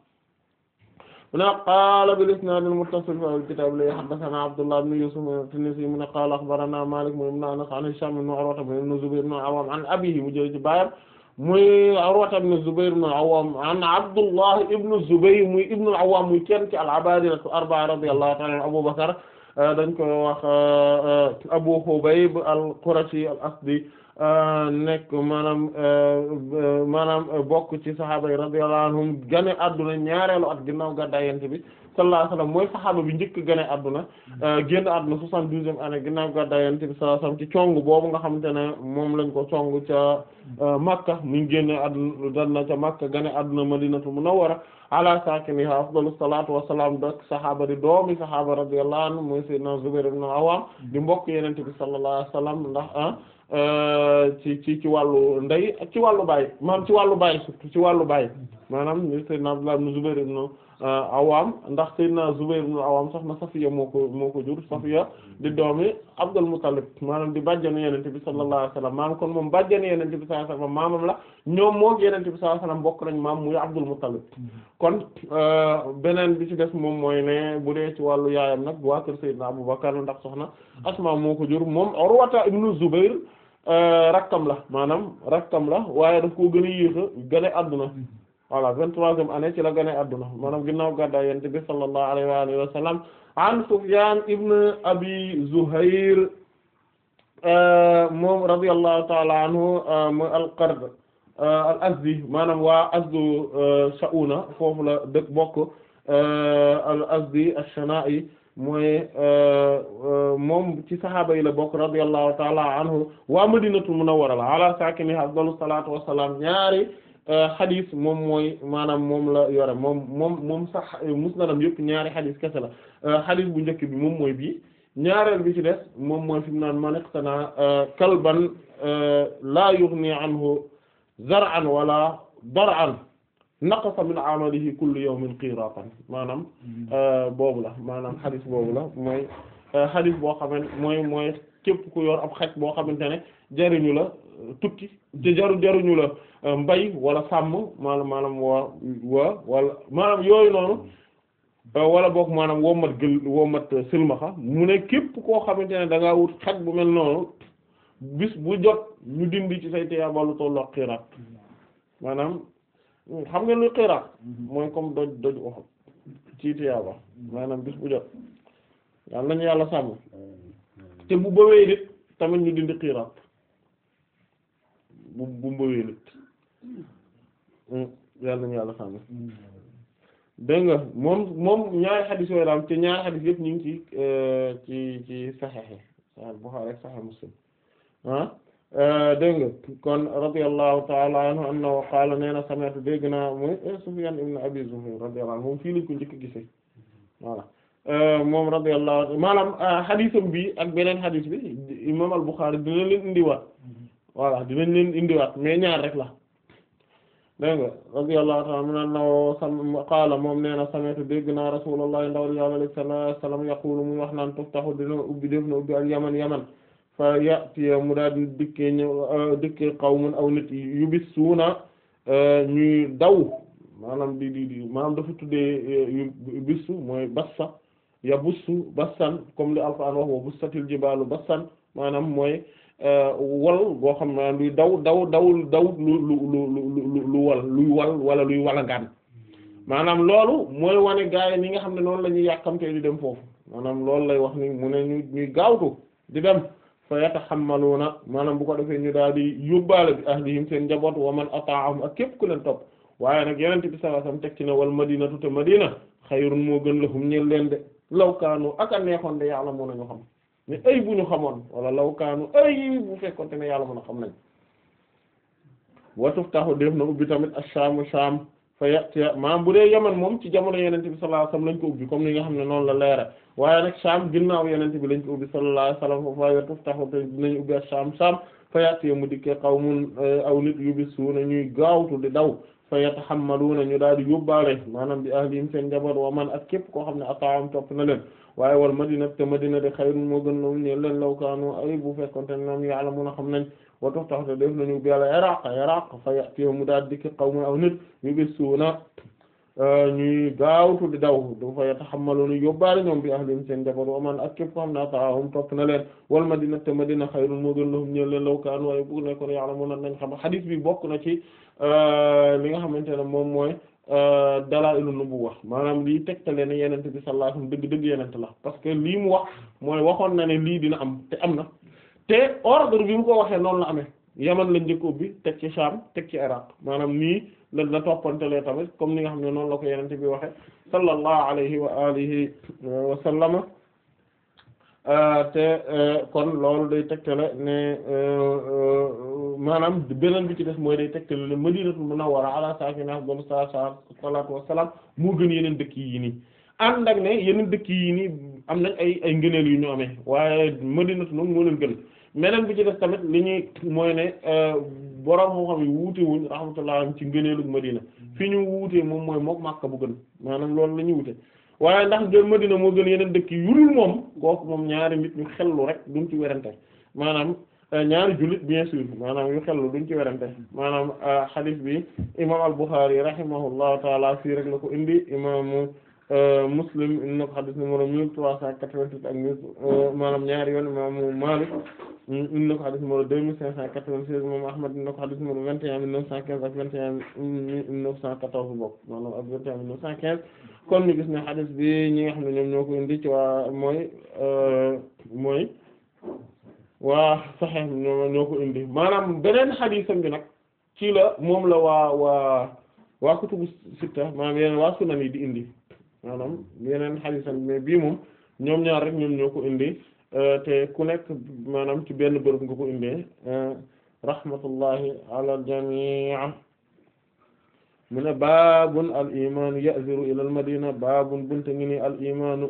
mu ne qaala bil isnaad al muttasil fi al kitaab li haddathanaa Abdullah ibn Yuusuf at-Tinnisi mu ne qaala akhbaranaa Maalik mu ibn Anas an Hishaam ibn Urwa ibn Zubayr ibn Awwaam an abiihi mu jëlee ci baayam muy Urwa ibn Zubayr ibn Awwaam an Abdullah ibn Zubayr muy ibn al-Awwaam muy kenn ci al-Abaadila al-arba'a radiyallahu ta'ala Abu Bakr dañ koy wax Abu Hubayb al-Qurashi al-Asdi Euh, nekk maanaam euh, euh, maanaam bokk ci sahaaba yi radiyallahu anhum gane adduna ñaareelu at ginnaaw gàddaay yonent bi sallallahu alayhi mooy sahaaba bi njëkk gane adduna mm-hmm. génn adduna soixante-douzième année ginnaaw gàddaay yonent bi sallallahu alayhi wasallam ci cong boobu nga xamante ne moom lañ ko cong ca Makka mu ngi génne adduna danna ca Makka gane adduna Madinatu Munawwara ala saakinihaa afdalu salaatu wa salaam dak sahaaba di doomi sahaaba radiyallahu anhum mooy sayyidina Zubayr di mm-hmm. mbokk yonent bi sallallahu alayhi wasallam ndax ah, Euh, ci ci ci wàllu ndey ak ci wàllu baay maanaam ci wàllu baay surtout ci wàllu baay maanaam Seydina Abdullah ibn Zubayr ibn euh, Awam ndax Seydina Zubayr ibn Awam soxna Safiya moo ko moo ko jur Safiya di doomi Abdul Muttalib maanaam di bàjjanu Yonent bi sallallahu alayhi wasallam maanaam kon moom bàjjanu Yonent bi sallallahu alayhi wasallam maamam la ñoom moo Yonent bi sallallahu alayhi bokk nañ maam muy Abdul Muttalib kon euh, beneen bi ci des moom mooy ne bu dee ci wàllu yaayam nag waa kër Seydina Abubakar ndax soxna Asma moo ko jur moom Urwata Euh, rakkam la maanaam rakkam la waaye daf koo gën a yéex a gane adduna mm-hmm. voilà vingt-troisième année ci la gane adduna maanaam ginnaaw gàddaay yonent bi sallallahu alayhi wa alihi ibn Abi Zuhair euh, moom radiyallahu ta'ala anhu euh, al-Qard al-Azdi maanaam waa Azdu Sha'una foofu la bokk al-Azdi ash-Shana'i mooy euh, euh, moom ci saxaaba yi la bokk radiyallahu taala anhu waa madinatul munawwara la ala saakini afdalu salaatu wassalaam ñaari euh, xadis moom mooy maanaam moom la yore moom moom moom sax musnadam yëpp ñaari xadis kese la xadis bu njëkk bi moom mooy bii ñaareel bi ci des moom mooy fi mu naan maniqtana kalban laa yughni anhu zar'an wala dar'an naqasa min amalihi kullu yawmin qiratan maanaam mm. euh, boobu la maanaam xadis boobu la mooy xadis euh, boo xamante mooy mooy képp ku yor ab xaj boo xamante ne jariñu la euh, tukki te jaru jaruñu la mbay wala sàmm maanaam maanaam waa waa wala maanaam yooyu noonu wala boog maanaam womat gël womat silmaxa mu ne képp koo xamante ne da ngaa wut xaj bu mel noonu bis bu jot ñu dindi ci say téya balu tolloo xiraat mm. maanaam Mm, xam nga luy xiraat mm-hmm. mooy comme doj doj Uhud ci tiyaaba mm-hmm. maanaam bis bu jot yal nañu yàlla sàmm mm-hmm. te bu bawee nit tamit ñu dindi xiraat bu bu bawee nit mm, yal nañu yàlla sàmm dégg nga moom moom ñaari xadis yooyu daal te ñaari xadis yëpp ñu ngi ci euh, ci ci Sahih Sahih Bukhari ak Sahih Muslim ah Euh, dégg nga kon radiyallahu ta'ala anhu annahu qaala nee na sami'tu dégg naa mooy eh, Sufyaan ibn Abi Zuhayr radiyallahu anhu moom fii lañ ko njëkk euh, moom radiyallahu maanaam euh, xadisam bi ak beneen xadis bi imaam al-Bukhari dinañ leen indiwaat voilà dinañ leen indiwaat rek la dégg nga radiyallahu ta'ala anhu annahu sam qaala moom nee na sami'tu dégg naa Rasulullah sallallahu alayhi wa sallam yaqulu muy wax naan dina ubbi def ubbi al-Yaman Yaman fa yatiya mu daal di dikkee ñëw euh, dikkee qawmun aw nit yubissuuna euh, ñuy daw maanaam di di di maanaam dafa tuddee euh, yubissu mooy bassa ya bussu bassan comme li alquran wax wa bussatil jibaalu bassan maanaam mooy wal boo xam maanaam luy daw daw daw daw lu lu lu lu lu wal luy wal wala luy walangaan maanaam loolu mooy wane gaa yi ni nga xam ne noonu la ñuy yàkkamtee di dem foofu maanaam loolu lay wax ni mu ne ñuy gaawtu di dem fa yatahammaluuna maanaam bu ko defee ñu daal di yóbbaale bi ahlihim seen njaboot wa man ata'ahum a képp ku leen topp waaye nag yonent bi sallallahu alayhi wasallam teg ci ne wal madinatu te madina xayrun moo gën lahum ñeel leen de law kaanu ak a neexoon de yàlla mën nañu xam ne ay bu ñu xamoon wala law kaanu ay bu fekkoonte ne yàlla mën a xam nañ wa tuftahu def na ubbi tamit ash-sham sham fa yatiya maanaam bu dee yaman moom ci jamono yenente bi sallallahu alayhi wasallam lañ ko ubbi comme ni nga xam ne noonu la leera waaye nag Sham ginnaaw yenente bi lañ ko ubbi sallallahu alayhi wasallam foofu waaye tuftahu te dinañ ubbi ak Sham Sham fa yatiya mu dikkee qawmun eh, aw nit yubisuuna ñuy gaawtu di ñu daal di yóbbaale bi ahlihim seen njaboot wa man ak képp koo xam ne ataam topp na leen waaye wal madina te madina de xayrun moo gën lawum ñe leen law kaanu ay bu fekkonte xam nañ wa tuftahu te def nañu biyàlla iraq iraq fa yatiyo mu daal dikki qawmun aw nit yu bi suuna euh, ñuy gaawtu di daw du fa yatahammaluna yóbbaale ñoom bi ahlim seen njaboot wa man ak képp ko xam naa taahum topp na leen wal ma dina madina xayrun moo gën lahum ñeel leen law kaan waaye bu nekkoon ya'lamuna nañ xam hadith bi bokk na ci euh, li nga xamante ne moom mooy euh, dala bu wax maanaam lii tegtale leen yenente bi sallallahu alayhi wasallam dëgg dëgg yenente la parce que lii mu wax mooy waxoon na ne lii dina am te am na te ordre bi mu ko waxee noonu la amee yaman lañ njëkk ubbi teg ci Sham teg ci Iraq maanaam nii la la toppantelee tamit comme ni nga xam ne noonu la ko yenente bi waxee sallallahu alayhi wa alihi euh, wa sallama euh, te euh, kon loolu day tegtale ne maanaam beneen bi ci des mooy day tegtale ne Madinatul Munawwara ala saakinihaa afdalu salaatu wa salaam moo gën yeneen dëkk yi nii ànd ak ne yeneen dëkk yi nii am nañ ay ay ngëneel yu ñu amee waaye Madinatu moom moo leen gën meneen bi ci def tamit li ñuy mooy ne euh, borom moo xam yi wuute wuñ rahmatullah ci ngëneelug Madina fi ñu wuutee moom mooy mook Makka bu gën maanaam loolu la ñuy wute waaye ndax jël Madina moo gën yeneen dëkk yu dul moom kooku moom ñaari nit ñu xellu rek duñ ci werante maanaam euh, ñaari jullit bien sûr maanaam yu xellu duñ ci werante maanaam hadith euh, bi imam al-Bukhari rahimahullahu taala fii rek la ko indi imaamu Euh, Muslim in na ko xadis numéro mille trois cent quatre-vingt-huit ak euh, maanaam ñaari yoon imam Mâlik in na ko xadis numéro deux mille cinq cent quatre-vingt-seize moom Ahmad in ko xadis numéro vingt et un mille neuf cent quinze ak vingt et un mille neuf cent quatorze bokk maanaam vingt et un mille neuf cent quinze kon ñu gis ne xadis bi ñi nga xam ne ñoom ñoo ko indi ci waa mooy euh, mooy waa Sahih ñoo ñoo ko indi maanaam beneen xadisam bi nag ci la moom la waa waa waa kutubu sitta maanaam yeneen waa sunan indi maanaam yeneen xadisan mais bii moom ñoom ñaar rek ñoom ñoo ko indi euh, te ku nekk maanaam ci benn bërëb nga ko indee euh, rahmatullahi ala jamii mu ne baabun al imaanu yaziru ilal madina baabun bunta ngi ni al imaanu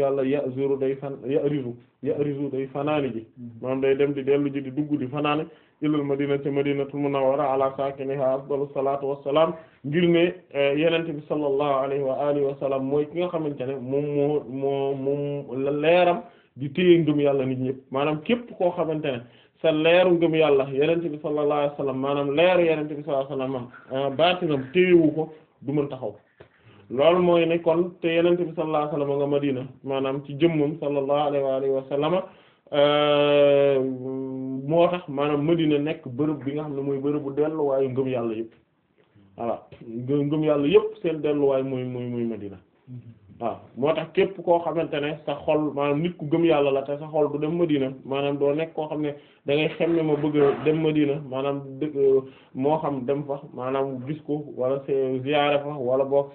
yàlla yaziru day fan yarizu yarizu day fanaani ji maanaam day dem di dellu ji di dugg di fanaane ilal madina ca madinatul munawwara ala saakinihaa afdalu salaatu wassalaam ngir ne eh, yenente bi sallallahu alayhi alihi wa sallam mooy ki nga xamante ne moom moo moo moom leeram di téye ngëm yàlla nit ñëpp maanaam képp koo xamante ne te leeru ngëm yàlla yenente bi sallallahu alayhi wasallam maanaam leeru yenente bi sallallahu alayhi wasallam ah, baatinam téyewu ko du mën taxaw loolu mooy ne kon te yenente bi sallallahu alayhi wasallam nga Madina maanaam ci jëmmam sallallahu alayhi wa alihi wasallam ah, moo tax maanaam Madina nekk bërëb bi nga xam ne mooy bërëbu delluwaayu ngëm yàlla yëpp voilà ngëm yàlla yëpp seen delluwaay mooy mooy mooy Madina waaw moo tax képp koo xamante ne sa xol maanaam nit ku gëm yàlla la te sa xol du dem Madina maanaam doo nekk koo xam ne da ngay xem ne ma bëgg a dem Madina maanaam euh, moo xam dem fa maanaam gis ko wala ziyaare fa wala book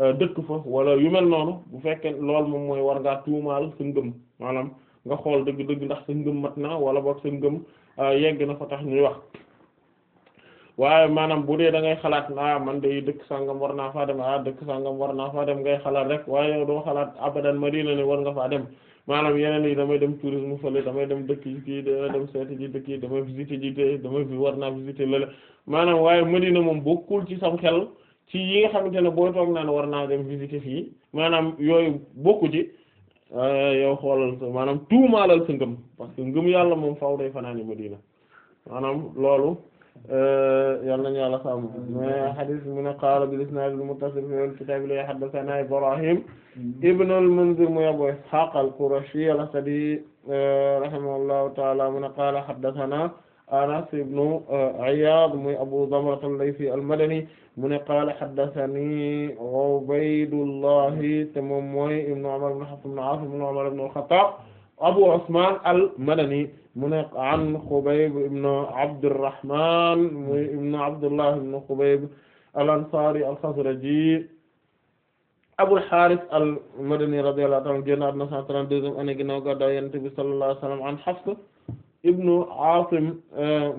euh, dëkk fa wala yu mel noonu bu fekkee loolu moom mooy war ngaa tuumaal sa ngëm maanaam nga xool dëgg-dëgg ndax sa ngëm mat na wala book sa ngëm euh, yegg na fa tax ñuy wax waaye maanaam bu dee da ngay xalaat ah man de dëkk sangam war naa faa dem ah dëkk sangam war naa faa dem ngay xalaat rek waaye doo xalaat abadan Madina ne war nga faa dem maanaam yeneen yi damay dem tourisme fële damay dem dëkk yi kii damay dem seeti ji dëkk yi damay visiter ji te damay war naa visiter lële maanaam waaye Madina moom bokkul ci sam xel ci yi nga xamante ne boo toog naan war naa dem visiter fii maanaam yooyu bokku ci ah, yow xoolal maanaam tuumaalal sa ngëm parce que ngëm yàlla moom faaw day fanaani Madina maanaam loolu. yal nañu yàlla sàmm mais hadith mu ne qaala bil isnaad al muttasil fil kitaab li haddathana Ibrahim ibn al Munzir muy Abu Ishaq al Qurashi al Asadi rahimahullahu ta'ala mu ne qaala haddathana Anas ibn Iyad muy Abu Damra al-Laythi al-Madani mu ne qaala haddathani Ubaydullah te moom mooy ibn Umar ibn Hafs ibn Aasim ibn Umar ibn al-Khattab Abu Usman al-Madani mu ne an Xubayb ibn Abdurrahman muy ibn Abdullah ibn Xubayb al-Ansari al-Khazraji Abul Harith al-Madani radiyallahu ta'ala anhu génn àdduna 132e année ginnaaw gàddaay Yonent bi sallallahu alayhi wa sallam an Hafs ibn Asim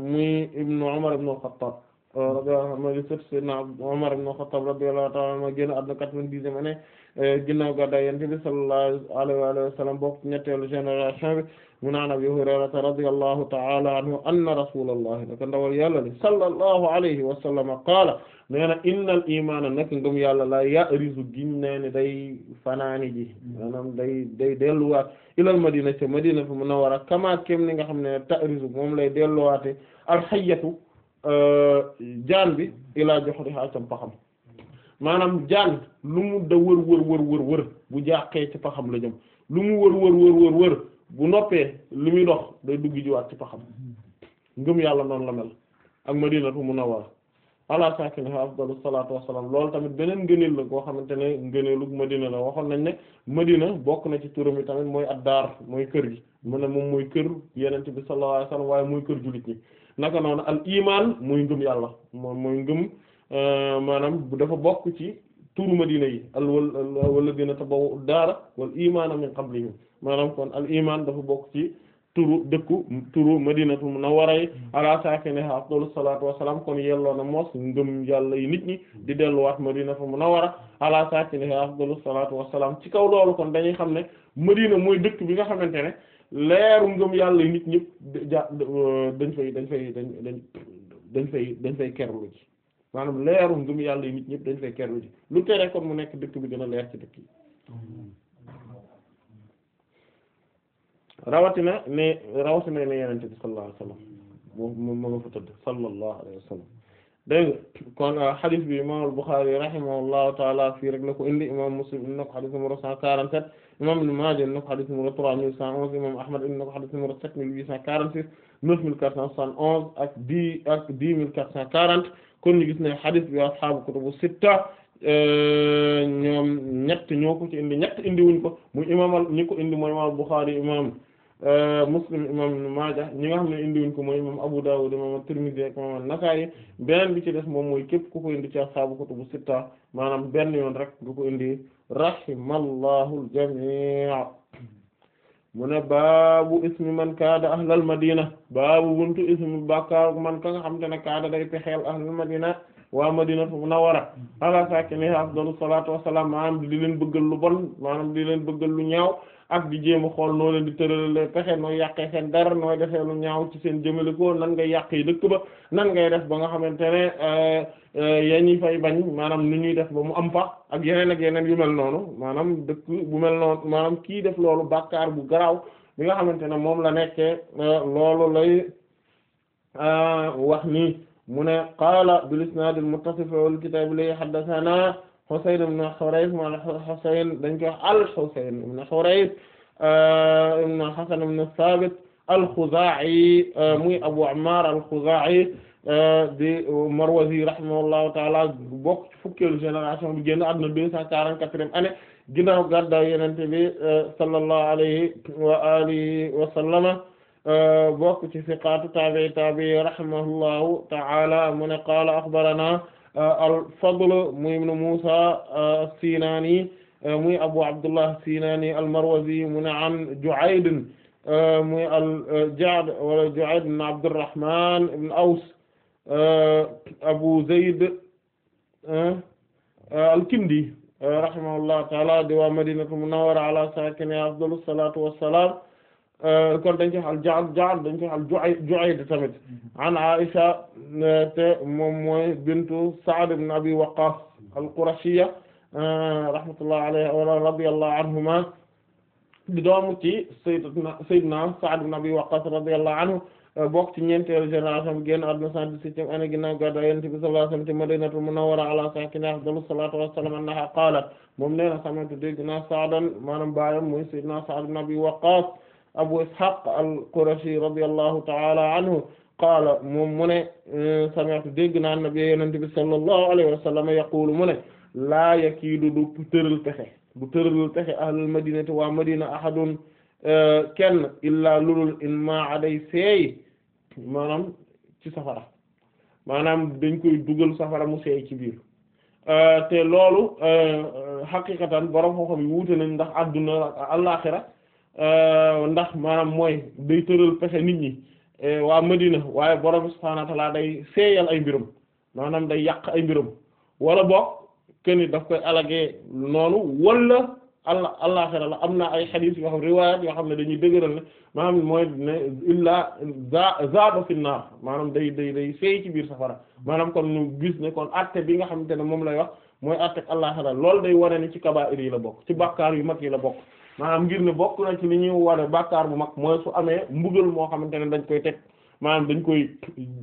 muy ibn Umar ibn al-Khattab radiyallahu anhu ma ngi sët Seydina Umar ibn al-Khattab radiyallahu ta'ala anhu génn àdduna 90e année ginnaaw gàddaay yonent bi sallallahu alayhi wa alihi wa sallam bokk ñetteelu génération bi mu naan Abu Hurayrata radiyallahu ta'ala anhu anna rasulullah naka ndawal yàlla li sallallahu alayhi wa sallam qaala nee na innal imaana nak ngëm yàlla la ya'rizu gin nee ni day fanaani ji maanaam day day delluwaat ilal madina ca madina fu munawwara kama kem nga xam ne ta'rizu moom lay delluwaate al hayyatu euh, jaan bi ilaa joxri ha cam paxam maanaam jaan lu mu da wër wër wër wër bu jàqee ci paxam la jëm lu mu wër wër wër wër wër bu noppee li muy dox day dugg jiwaat ci paxam ngëm yàlla noonu la mel ak madinatu munawwara ala saakinihaa afdalu salaatu wassalaam loolu tamit beneen ngëneel la goo xamante ne ngëneelu madina la waxoon nañ ne madina bokk na ci turam yi tamit mooy daar mooy kër gi mu na moom mooy kër yenente bi sallallahu alayhi wasallam waaye mooy kër jullit ñi naka noonu al iman yàlla Euh, maanaam dafa bokk ci turu madina yi al walladina tabawu daala wal imaana min qablihim maanaam kon al iman dafa bokk ci turu dëkku turu madinatu munawwara yi ala saakinihaa afdalu salaatu wassalaam kon yelloo na mos ngëm yàlla yi nit ñi di delluwaat madinatu munawwara ala saakinihaa afdalu salaatu wassalaam ci kaw loolu kon dañuy xam ne madina mooy dëkk bi nga xamante ne leeru ngëm yàlla yi nit ñi ja euh, dañ fay dañ fay dañ dañ dañ fay dañ fay kerlu ci maanaam leerum ngëm yàlla yi nit ñëpp dañ fay kerlu ji lu tere kon mu nekk dëkk bi gën a leer ci dëkk yi rawatina ne rawatina ne yenente bi sallallahu alayhi wasallam moom moom ma nga fa tëdd sallallahu alayhi wasallam dégg kon hadith ah, bi imam al-Bukhari rahimahullahu taala fii rek la ko indi imam Muslim indi na ko hadith numéro cent quarante-sept imam Ibn Maaja indi na ko xadis numéro trois mille cent onze imam Ahmad indi na ko xadis numéro sept mille huit cent quarante six neuf mille cent soixante ak dix ak dix mille quatre cent quarante kon ñu gis ne xadis bi ashaabu kutubu sitta euh, ñoom ñett ñoo ko ci indi ñett indi wuñ ko muy imam ñi ko indi mooy imam Bukhari imam euh, Muslim imam Ibn Maaja ñi nga xam ne indiwuñ ko mooy imam Abu Dawud imam Tirmidhi ak imam An-Nasa'i beneen bi ci des moom mooy képp ku ko indi ci ashaabu kutubu sitta maanaam benn yoon rek nga ko indi rahimallahu al-jamii' mu ne baabu ismi man kaada ahlal madina baabu buntu ismi bàkkaaru man ka nga xam te ne kaada day pexeel ahlal madina waa madina munawwara ala saakinihaa afdalu salaatu wassalaam maanaam di leen bëggal lu bon maanaam di leen bëggal lu ñaaw ak bi jéem a xool noo leen di tëralal pexe nooy yàqee seen dara nooy defee lu ñaaw ci seen jëmale ko nan ngay yàqee dëkk ba nan ngay def ba nga xamante ne euh, euh, yaa ñuy fay bañ maanaam nu ñuy def ba mu am fa ak yeneen ak yeneen yu mel noonu maanaam dëkk bu mel noonu maanaam kii def loolu bàkkaar bu garaaw bi nga xamante ne moom la nekkee euh, loolu lay wax nii mu ne qaala naa isnaad al muttasil fil kitaab li haddathana Husayn ibn Hurayth ma Husayn dañ koy wax al-Husayn ibn Hurayth euh, ibn Hasan ibn Thabit al-Khuzaa'i euh, muy Abu Ammar al-Khuzaa'i euh, di Marwazi rahimahullahu ta'ala bokk ci fukkeelu génération bi génn àdduna deux cent quarante-quatrième année ginnaaw gàddaay Yonent bi sallallahu alayhi wa alihi wa sallama bokk ci siqaatu taabi'i taabi'i rahimahullahu ta'ala mu ne qaala akhbaranaa al-Fadl muy ibn Musa as-Sinani muy Abu Abdullah as-Sinani al-Marwazi mu ne an Ju'ayd muy al-Ja'd wala Ju'ayd ibn Abdurrahman ibn Aws Abu Zayd al-Kindi rahimahullah ta'ala di waa Madinatu Munawwara ala saakinihaa afdalu salaatu wassalaam Euh, kon dañ ci xal jaar jaar dañ ci xal juay juayd tamit mm-hmm. an Aisha te moom mooy bintu Sa'd ibn Abi Waqqas al-Qurashiyya euh, rahmatullahi alayha wa radiyallahu anhuma di doomu ci sayyidina sayyidina Sa'd ibn Abi Waqqas radiyallahu anhu euh, bokk ci ñeenteelu génération bi génn àdduna 117e année ginnaaw gàddaay Yonent bi sallallahu alayhi wasallam ci Madinatul Munawwara ala saakinihaa afdalu salaatu wassalaam annahaa qaalat moom nee na sami'tu dégg naa Sa'dan maanaam baayam mooy sayyidina Sa'd ibn Abi Waqqas abu ishaq al-qurashi radiyallahu ta'ala anhu qaala moom mu ne euh, sami'tu dégg naa nabi yonent bi sallallahu alayhi wa yaqulu mu ne laa yakiidu du tëral pexe du tëral pexe ahlul madinati waa madina ahadun euh, kenn illaa lulul in maa aday seey maanaam ci safara maanaam dañ koy dugal safara mu seey ci biir euh, te loolu xaqiqatan borom xam-xam yi wuute ndax adduna ak Euh, ndax maanaam mooy day tëral pexe nit ñi euh, waa Madina waaye borom subhaanahu wa day seeyal ay mbirum maanaam day yàq ay mbirum wala boog kenn daf koy alagee noonu wala allah àllaaxira la am na ay xadiis yoo xam riwaayaat yoo xam ne dañuy dëgëral ne maanaam mooy ne illaa zaaba fi maanaam day day day seey ci biir safara maanaam kon ñu gis ne kon àtte bi nga xamante ne moom lay wax mooy àtte ak àllaaxira loolu day wane ne ci kabaa'ir yi la bokk ci bàkkaar yu mag yi la bokk. maanaam ngir ne bokk na ci li ñuy wane bàkkaar bu mag mooy su amee mbugal moo xamante ne dañ koy teg maanaam dañ koy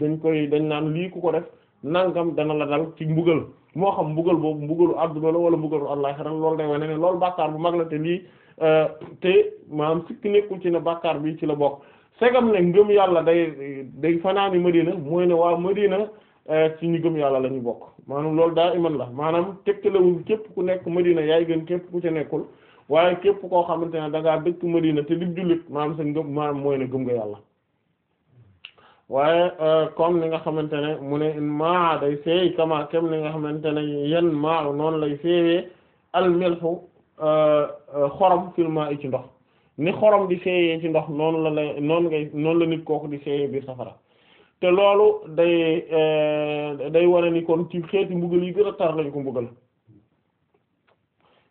dañ koy dañ naan lii ku ko def nangam dana la dal ci mbugal moo xam mbugal boobu mbugalu àdduna la wala mbugalu àllaxira loolu day wane ne loolu bàkkaar mag la te lii euh, te maanaam sikk nekkul ci ne bàkkaar bi ci la bokk segam ne ngëm yàlla day day fanaani na mooy ne waa Madina euh, ci ñu gëm yàlla la ñu bokk maanaam loolu daa iman la maanaam tegtalewul képp ku nekk Madina yaay gën képp ku ci nekkul waaye képp koo xamante ne da ngaa dëkk Madina te di jullit maanaam sa ngëm maanaam mooy ne gëm nga yàlla waaye euh, comme ni nga xamante ne mu ne maa day seey kama kem ni nga xamante ne yan maa noonu lay seewee almelxu euh, xorom filma yi ci ndox ni xorom di seeyee ci ndox noonu la lay noon ngay noonu la nit kooku di seeyee biir safara te loolu day euh, day wane ni kon ci xeeti mbugal yi gën a tar lañ ko mbugal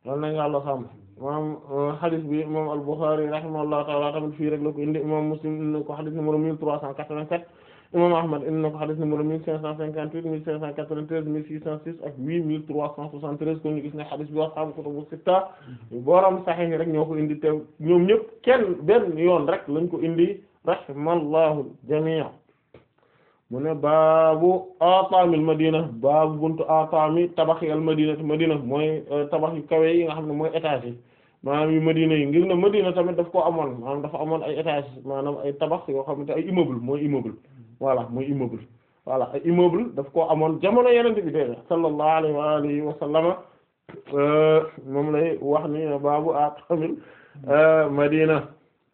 loolu nañ nga àlla sàmm moom euh, hadith bi moom al-Bukhari rahimahullahu ta'ala tamit fii rek la ko indi imam Muslim indi na ko hadith numéro 1387 imam Ahmad indi na ko hadith numéro 1558 1593 1606 ak 8373 kon ñu gis ne hadith bi ashaabu kutubu sitta borom sahih rek ñoo ko indi te ñoom ñëpp kenn benn yoon rek lañ ko indi rahimallahu jami'a mu ne baabu ataamil madina baabu buntu ataami tabaxi al madina madina mooy euh, tabax yu kawe yi nga xam ne mooy étage yi maanaam yu madina yi ngir ne madina tamit daf koo amoon maanaam dafa amoon ay étage maanaam ay tabax yoo xam ne ay immeuble mooy immeuble voilà mooy immeuble voilà ay immeuble daf koo amoon jamono yeneen bi dee sallallahu alayhi wa alihi wa sallama euh, moom lay wax ni baabu ataamil euh, madina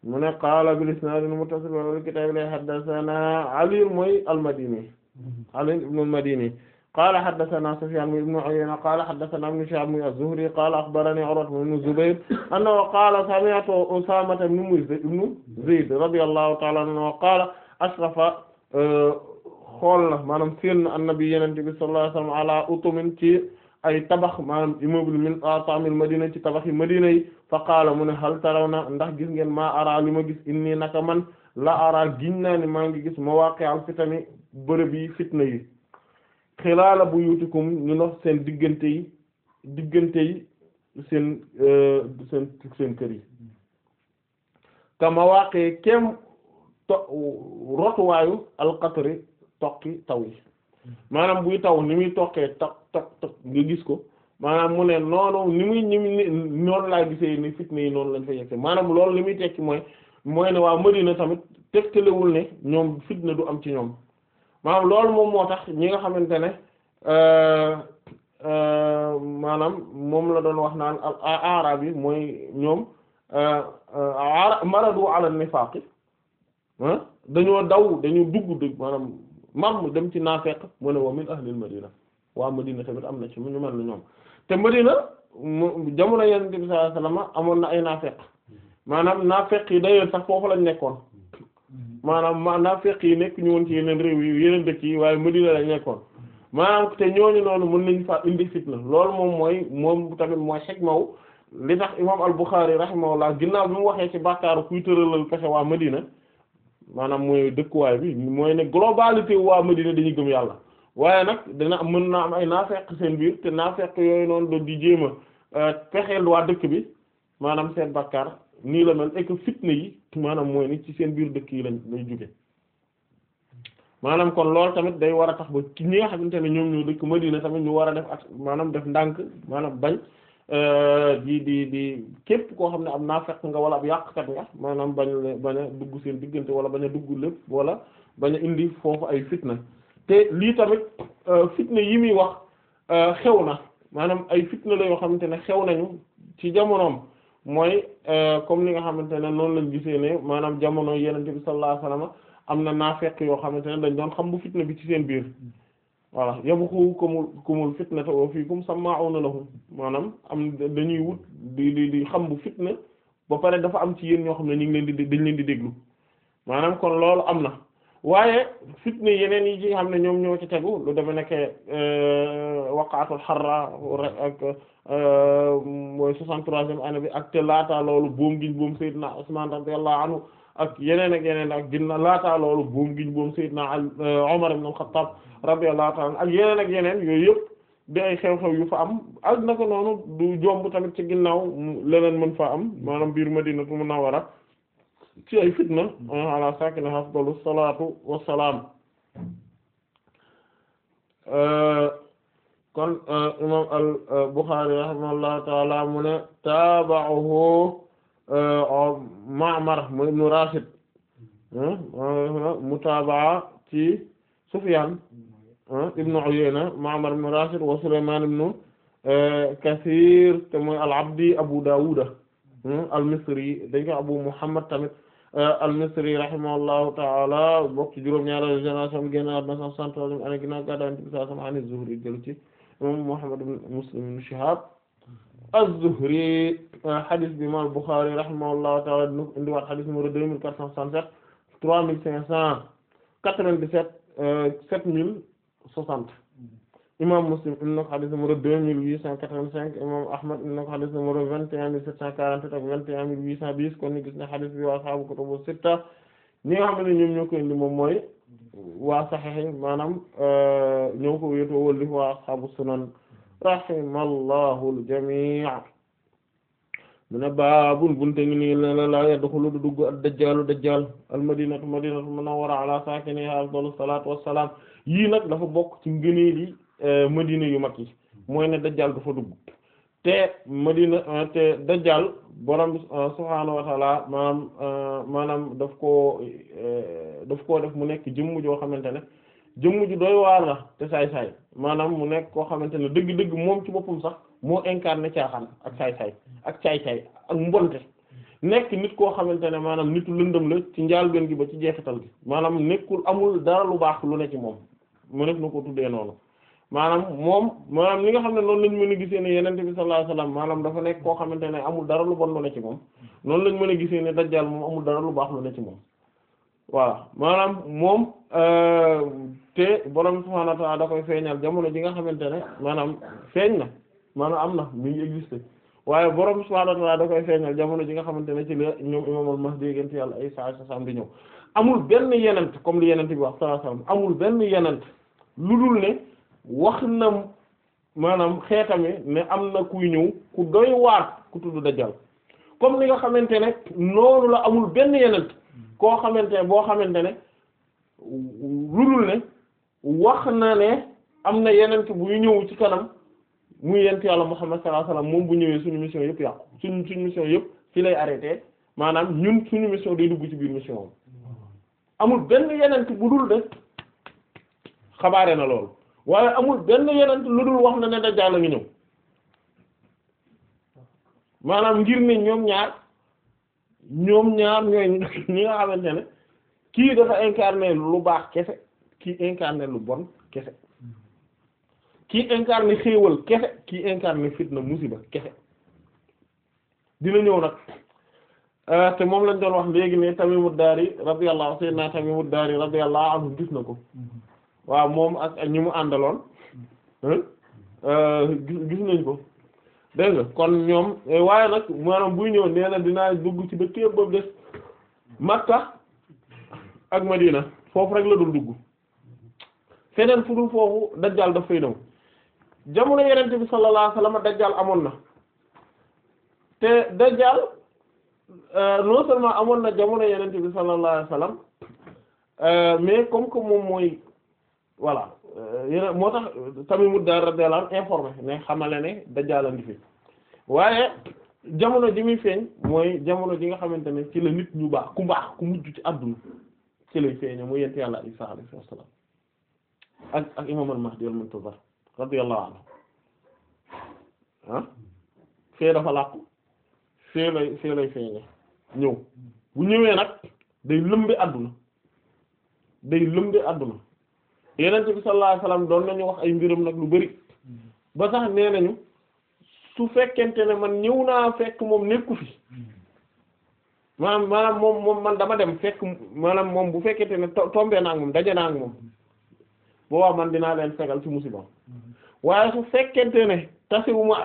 mu ne qaala bil isnaadil muttasil wal kitaab la haddasanaa Ali mooy al-Madini mm-hmm. Ali ibn al-Madini qaala haddasanaa Sufyaan ibn Uyayna qaala haddasanaa ibn Shihaab az-Zuhri qaala axbaranii Urwa ibn Zubayr annahu qaala sami'tu Usaama ibn Zayd radiyallahu ta'aala anhu qaala ashrafa euh, xool na maanaam seen annabi Yonent bi sallallahu alayhi wa sallam ala utumin ci ay tabax maanaam immeuble min ma dina ci tabax yi madina yi fa qaala mu ne hal tarawna ndax gis ngeen ma ara li ma gis in inni naka man la ara giñ naa ni maa ngi gis mawaqi'al fitani bërëb yi fitna yi xilaala buyutikum ñu dox seen diggante yi diggante yi seen euh, seen seen kër yi ka mawaqi kem to rotuwaayu alqatri toqi taw yi maanaam buy taw ni muy toqee tog tog nga gis ko maanaam mu ne noonu ni muy ni noonu laa gisee ni fitna yi noonu lañ fa yegg maanaam loolu li muy tekki mooy mooy ne waa Madina tamit tegtalewul ne ñoom fitna du am ci ñoom maanaam loolu moom moo tax ñi nga xamante ne euh, euh, maanaam moom la doon wax naan arab yi mooy ñoom euh, maradu ala nifaq ah, dañoo daw dañoo dugg dëgg maanaam mam dem ci naafeq mu ne wa min ahlil madina waa Madina tamit am na ci ñu mel na ñoom te Madina jamono Yonent bi sallallahu alayhi wasallam amoon na ay naafeq maanaam naa naafeq yi d'ailleurs sax foofu lañ nekkoon maanaam ma naafeq yi nekk ñu woon ci yeneen réew yi yeneen dëkk yi waaye Madina lañ nekkoon maanaam te ñooñu noonu mën nañ fa indi fitna loolu moom mooy moom tamit mooy xej maw li tax imaam al-Bukhari rahimahullah ginnaaw bi mu waxee ci bàkkaaru kuy tëralal pexe waa Madina maanaam mooy dëkkuwaay bi mooy ne globalité waa Madina dañuy gëm yàlla waaye nag am mën naa am ay naafeq seen biir te naafeq yooyu noonu da di jéema a euh, waa dëkk bi maanaam seen bakkaar nii la mel et que fitna yi maanaam mooy ni ci seen biir dëkk yi lañ lay jóge maanaam kon loolu tamit day war a tax ba ci ñi nga xamante ne ñoom ñoo dëkk Madina tamit ñu war a def ak maanaam def ndànk maanaam bañ euh, di di di képp koo xam ne am naafeq nga wala ab yàqkat nga maanaam bañ bañ a dugg seen diggante wala bañ a dugg lépp wala bañ a indi foofu ay fitna te lii tamit euh, fitna yi muy wax euh, xew na maanaam ay fitna la yoo xamante ne xew nañu ci jamonoom mooy euh, comme li nga xamante ne noonu lañ gisee ne maanaam jamono yenente bi sallallahu alayhi wasallam am na naafeq yoo xamante ne dañ doon xam bu fitna bi ci seen biir voilà yabxu kumul kumul fitnata wa fiikum sama'una lahum maanaam am dañuy wut di di di xam bu fitna ba pare dafa am ci yéen ñoo xam ne ñu ngi leen di dañ leen di déglu maanaam kon loolu am na waaye fitne yeneen yi nga xam ne ñoom ñoo ci tegu lu deme nekk euh, waqaatul xarra ak euh, mooy soixante-troisième année bi ak te laata loolu boom giñ boom Seydina Usmaan radiyallahu anhu ak yeneen ak yeneen ak ginna laata loolu boom giñ boom Seydina euh, Umar ibn al-Khattab radiyallahu ak yeneen ak yeneen yooyu yëpp di ay xew-xew yu fa am ak naka noonu du jomb tamit ci ginnaaw leneen mën fa am ma maanaam biir Madinatu Munawwara ci ay fitna ala sakina afdalu salaatu wassalaam euh, kon euh, imam al-Bukhari rahimahullahu taala mu ne taaba'ahu euh, Ma'mar mu ibnu Rashid mutaaba'a ci Sufyan ibnu Uyayna Ma'mar ibnu Rashid wa Sulaymaan ibnu Kasiir te mooy al-Abdi Abu Daawuda al-Misri dañ Abu Muhammad tamit Euh, al-Misri rahimahullahu ta'ala bokk ci juróom-ñaareelu génération bi génn àdduna 163 année ginnaaw gàddaay Yonent bi sallallahu alayhi wa sallam an az-Zuhri jël ci moom Muhammad ibn Muslim ibn Shihab az-Zuhri hadith euh, bi imam al-Bukhari rahimahullahu ta'ala dina ko indiwaat hadith numéro 2467 3597 7060 imam Muslim indi na ko xadis numéro deux mille huit cent quatre-vingt-cinq imam Ahmad indi ko xadis numéro vingt et un mille sept cent quarante-huit vingt et mille huit cent dix kon ñu gis ne xadis bi waa sahaabu kutubu sitta ñi nga ne ñoom ñoo ko indi mooy waa saxiix maanaam euh, ñoo ko wéetoo wëlli waa ashaabu sunan rahimallahu al-jamii' mu ne baabul bunte ngi nii la la yadxulu du dugg ad-dajjaalu dajjaal al-madinatu madinatu munawwara ala saakinihaa afdalu yii nag dafa bokk ci ngëneeli Euh, madina yu mag yi mooy ne dajjal du dugg te madina euh, te dajjal borom euh, subhaanahu wa taala maanaam daf ko daf koo def mu nekk jëmm joo xamante ne jëmm ju doy waar la te saay-saay maanaam mu nekk koo xamante ne dëgg-dëgg moom ci boppam sax moo incarné caaxaan ak saay-saay ak caay-caay ak mbonte nekk nit koo xamante ne maanaam nitu lëndëm la ci njaalbeen gi ba ci jeexital gi maanaam nekkul amul dara lu baax lu ne ci moom mu nekk na ko tuddee noonu maanaam moom maanaam li nga xam ne noonu lañ mën a gisee ne yenente bi sallallahu alayhi wasallam maanaam nekk koo xamante ne amul dara lu bon lu moom noonu mën a gisee ne dajjal moom amul dara lu baax lu ne maanaam moom euh, te borom subhaanahu da koy feeñal jamono ji nga xamante ne maanaam feeñ na maanaam am na mi ngi existé waaye borom subhaanahu wa ta'ala da koy feeñal jamono ji nga xamante ne ci la ñoom imaamul Mahdi yàlla ay saa sa sam di ñëw amul benn yenent comme li yenent bi wax sallallahu alayhi wasallam amul benn yenent lu dul ne wax na maanaam xeetami ne am na kuy ñëw ku doy waar ku tudd dajjal comme ni nga xamante ne loolu la amul benn yeneen koo xamante ne boo xamante ne lulul ne wax na ne am na yeneen buy ñëw ci kanam mu yent yàlla Muhammad sallallahu alayhi wasallam moom bu ñëwee suñu mission yëpp yàqu suñu suñu mission yëpp fi lay arrêté maanaam ñun suñu mission day dugg ci biir mission amul benn yeneen bu dul de xabaare na loolu waaye amul benn yeneen lu dul wax na ne dajjaal a ngi ñëw maanaam ngir ne ñoom ñaar ñoom ñaar ñooy ñi nga xamante ne kii dafa incarné lu baax kese kii incarné lu bon kese kii incarné xéewal kese kii incarné fitna musiba kese dina ñëw nag euh, te moom lañ doon wax léegi ne Tamimud Dari radiyallahu sayyidina Tamimud Dari radiyallahu anhu gis na ko mm-hmm. waaw moom ak ak ñi mu àndaloon hmm? euh, gis nañ ko dégg nga kon ñoom eh, waaye nag maanaam buy ñëw nee na dinaa dugg ci dëkk yëpp boobu des Makka ak Madina foofu rek la doon dugg feneen fu dul foofu dajjal daf fay ñëw jamono yonent bi sallallahu alayhi wasallam dajjal amoon na te dajjal euh, non seulement amoon na jamono yonent bi sallallahu alayhi wasallam euh, mais comme que moom mooy voilà euh, yeneen moo tax euh, Tamimu Daar radiyallahu anhu informé ne xamale ne dajjaal ngi waaye jamono ji muy feeñ mooy jamono ji nga xamante ne ci la nit ñu baax ku mbaax ku mujj ci àdduna ci lay feeñe mu yent yàlla Isa alayhi salaam ak ak imaam al-Mahdi al ah? fee dafa làqu fee lay fee lay feeñe ñëw bu ñëwee nag day lëmbe àdduna day lëmbe àdduna yeneen bi sallallahu alayhi wasallam doon nañu wax ay mbiram nag lu bari ba sax nee nañu su fekkente ne man ñëw naa fekk moom nekku fi moom moom man dama dem fekk maanaam moom bu fekkente ne tombee naa ak daje naa ak moom boobaa man dinaa leen fegal ci musiba waaye su fekkente ne tasewuma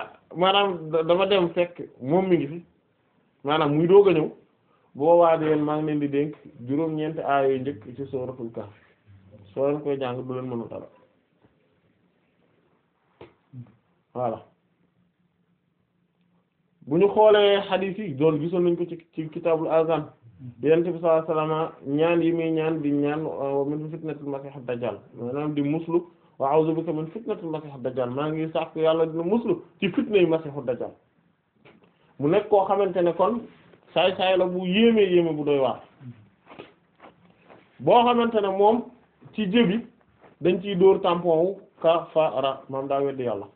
maanaam dama dem fekk moom mi ngi fi maanaam muy doog a ñëw boobaa di leen maa ngi leen di dénk juróom-ñeenti aaya njëkk ci sooratul Kahf soo leen koy jàng du leen mënul dara voilà bu ñu xoolee xadiis yi doon gisoon nañ ko ci ci kitaabul azan yonent bi sallallahu alayhi ñaan yi muy ñaan di ñaan wa min fitnatil masiihid dajjal maanaam di maa ngi sàkku yàlla dina muslu ci fitna yi masiihid dajjal mu nekk koo xamante ne kon saay saay la bu yéeme yéeme bu doy waar boo xamante ne moom ci jëbi dañ ciy dóor tampon wu kafaara maam daa weddi yàlla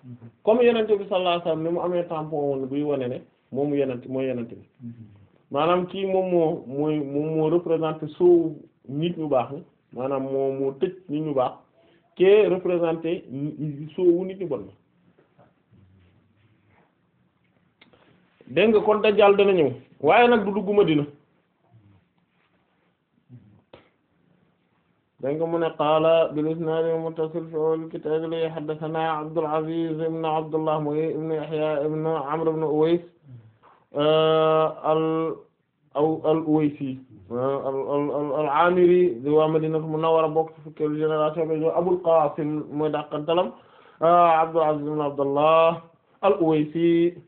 comme yenente bi sallallahu alayhi wasallam ni mu amee tampon woon buy wone ne mu yenente mooy yenente bi maanaam kii moom moo mooy moom moo représenté soow nit ñu baax maanaam moo moo tëj nit ñu baax kee représenté soowu bon na dégg kon dajjal dana ñëw waaye nag du dugg Madina dégg nga mu ne qaala bil isnaad al muttasil fi awwal kitaab li haddathanaa Abdul Aziz ibn Abdullah mooy ibn Yahya ibn Amr ibn Uways uh, al aw al Uwaysi uh, al al al Aamiri di waa Madinatu Munawwara bokk fukkeelu génération bi Abul Qaasim mooy dàqantalam uh, Abdul Aziz ibn Abdullah al Uwaysi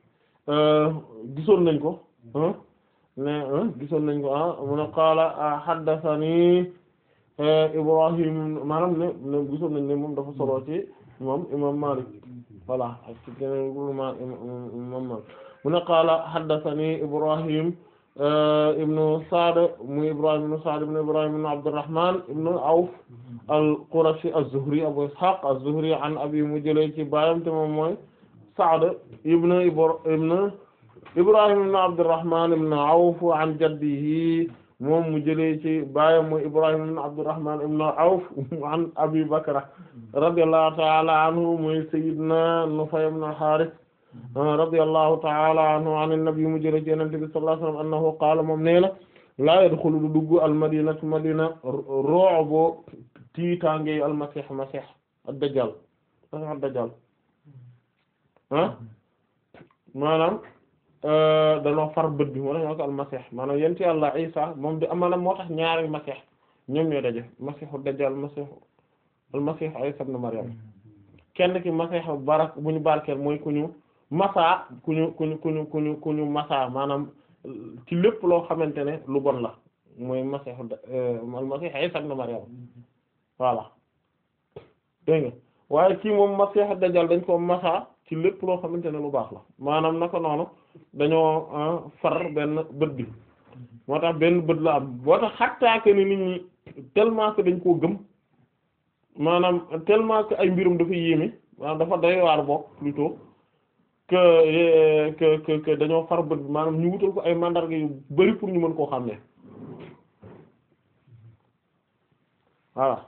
gisoon nañ ko ne gisoon nañ ko ah mu ne qaala haddathanii Euh, Ibrahim maanaam ne ne gisoon nañ ne moom dafa solo ci moom imam Malik voilà ak ci keneen groupement imam Malik mu ne qaala haddathani Ibrahim euh, ibnu Sa'd mu Ibrahim ibnu Sa'd ibnu Ibrahim ibnu Abdurrahman ibnu Awf al-Qurashi az-Zuhri Abu Ishaq az-Zuhri an abi mu jëlee ci baayam te moom mooy Sa'd ibnu Ibrahim ibnu Abdurrahman ibnu Awf an jaddihi moom mu jëlee ci baayam mooy Ibrahim ibn Abdurrahman ibn Awf an Abi Bakra radiyallahu ta'ala anhu mooy Sayyidina Nufay ibn al-Harith ah, radiyallahu ta'ala anhu an an-nabi mu jëlee ci Yonent bi sallallahu alayhi wa sallam annahu qaala moom nee na laa yadxulu du dugg al-madinata madina ru'bu tiitaange al-masih masih ad-dajjal ad-dajjal ah maanaam Euh, danoo far bët bi moo tax ñoo ko al masih maanaam yent yàlla isa moom di maanaam moo tax ñaari masih ñoom ñoo daje masihu dajjal masihu al masih isa ibn maryam kenn ki masihu barak bu ñu barkeel mooy ku ñu masa ku ñu ku ñu ku ñu ku ñu ku ñu masa maanaam ci lépp loo xamante ne lu bon la mooy masihu euh, al masih isa ibn maryam voilà dégg nga waaye kii moom masiixa dajjal dañ koo masa ci lépp loo xamante ne lu baax la maanaam naka noonu dañoo ah, far benn bët bi moo tax benn bët la am boo tax xattaa ni nit ñi tellement que dañ koo gëm maanaam tellement que ay mbirum dafa yéeme maanaam dafa doy waar bokk plutôt que que que dañoo far bët bi maanaam ñu wutal ko ay màndarga yu bari pour ñu mën koo xàmmee voilà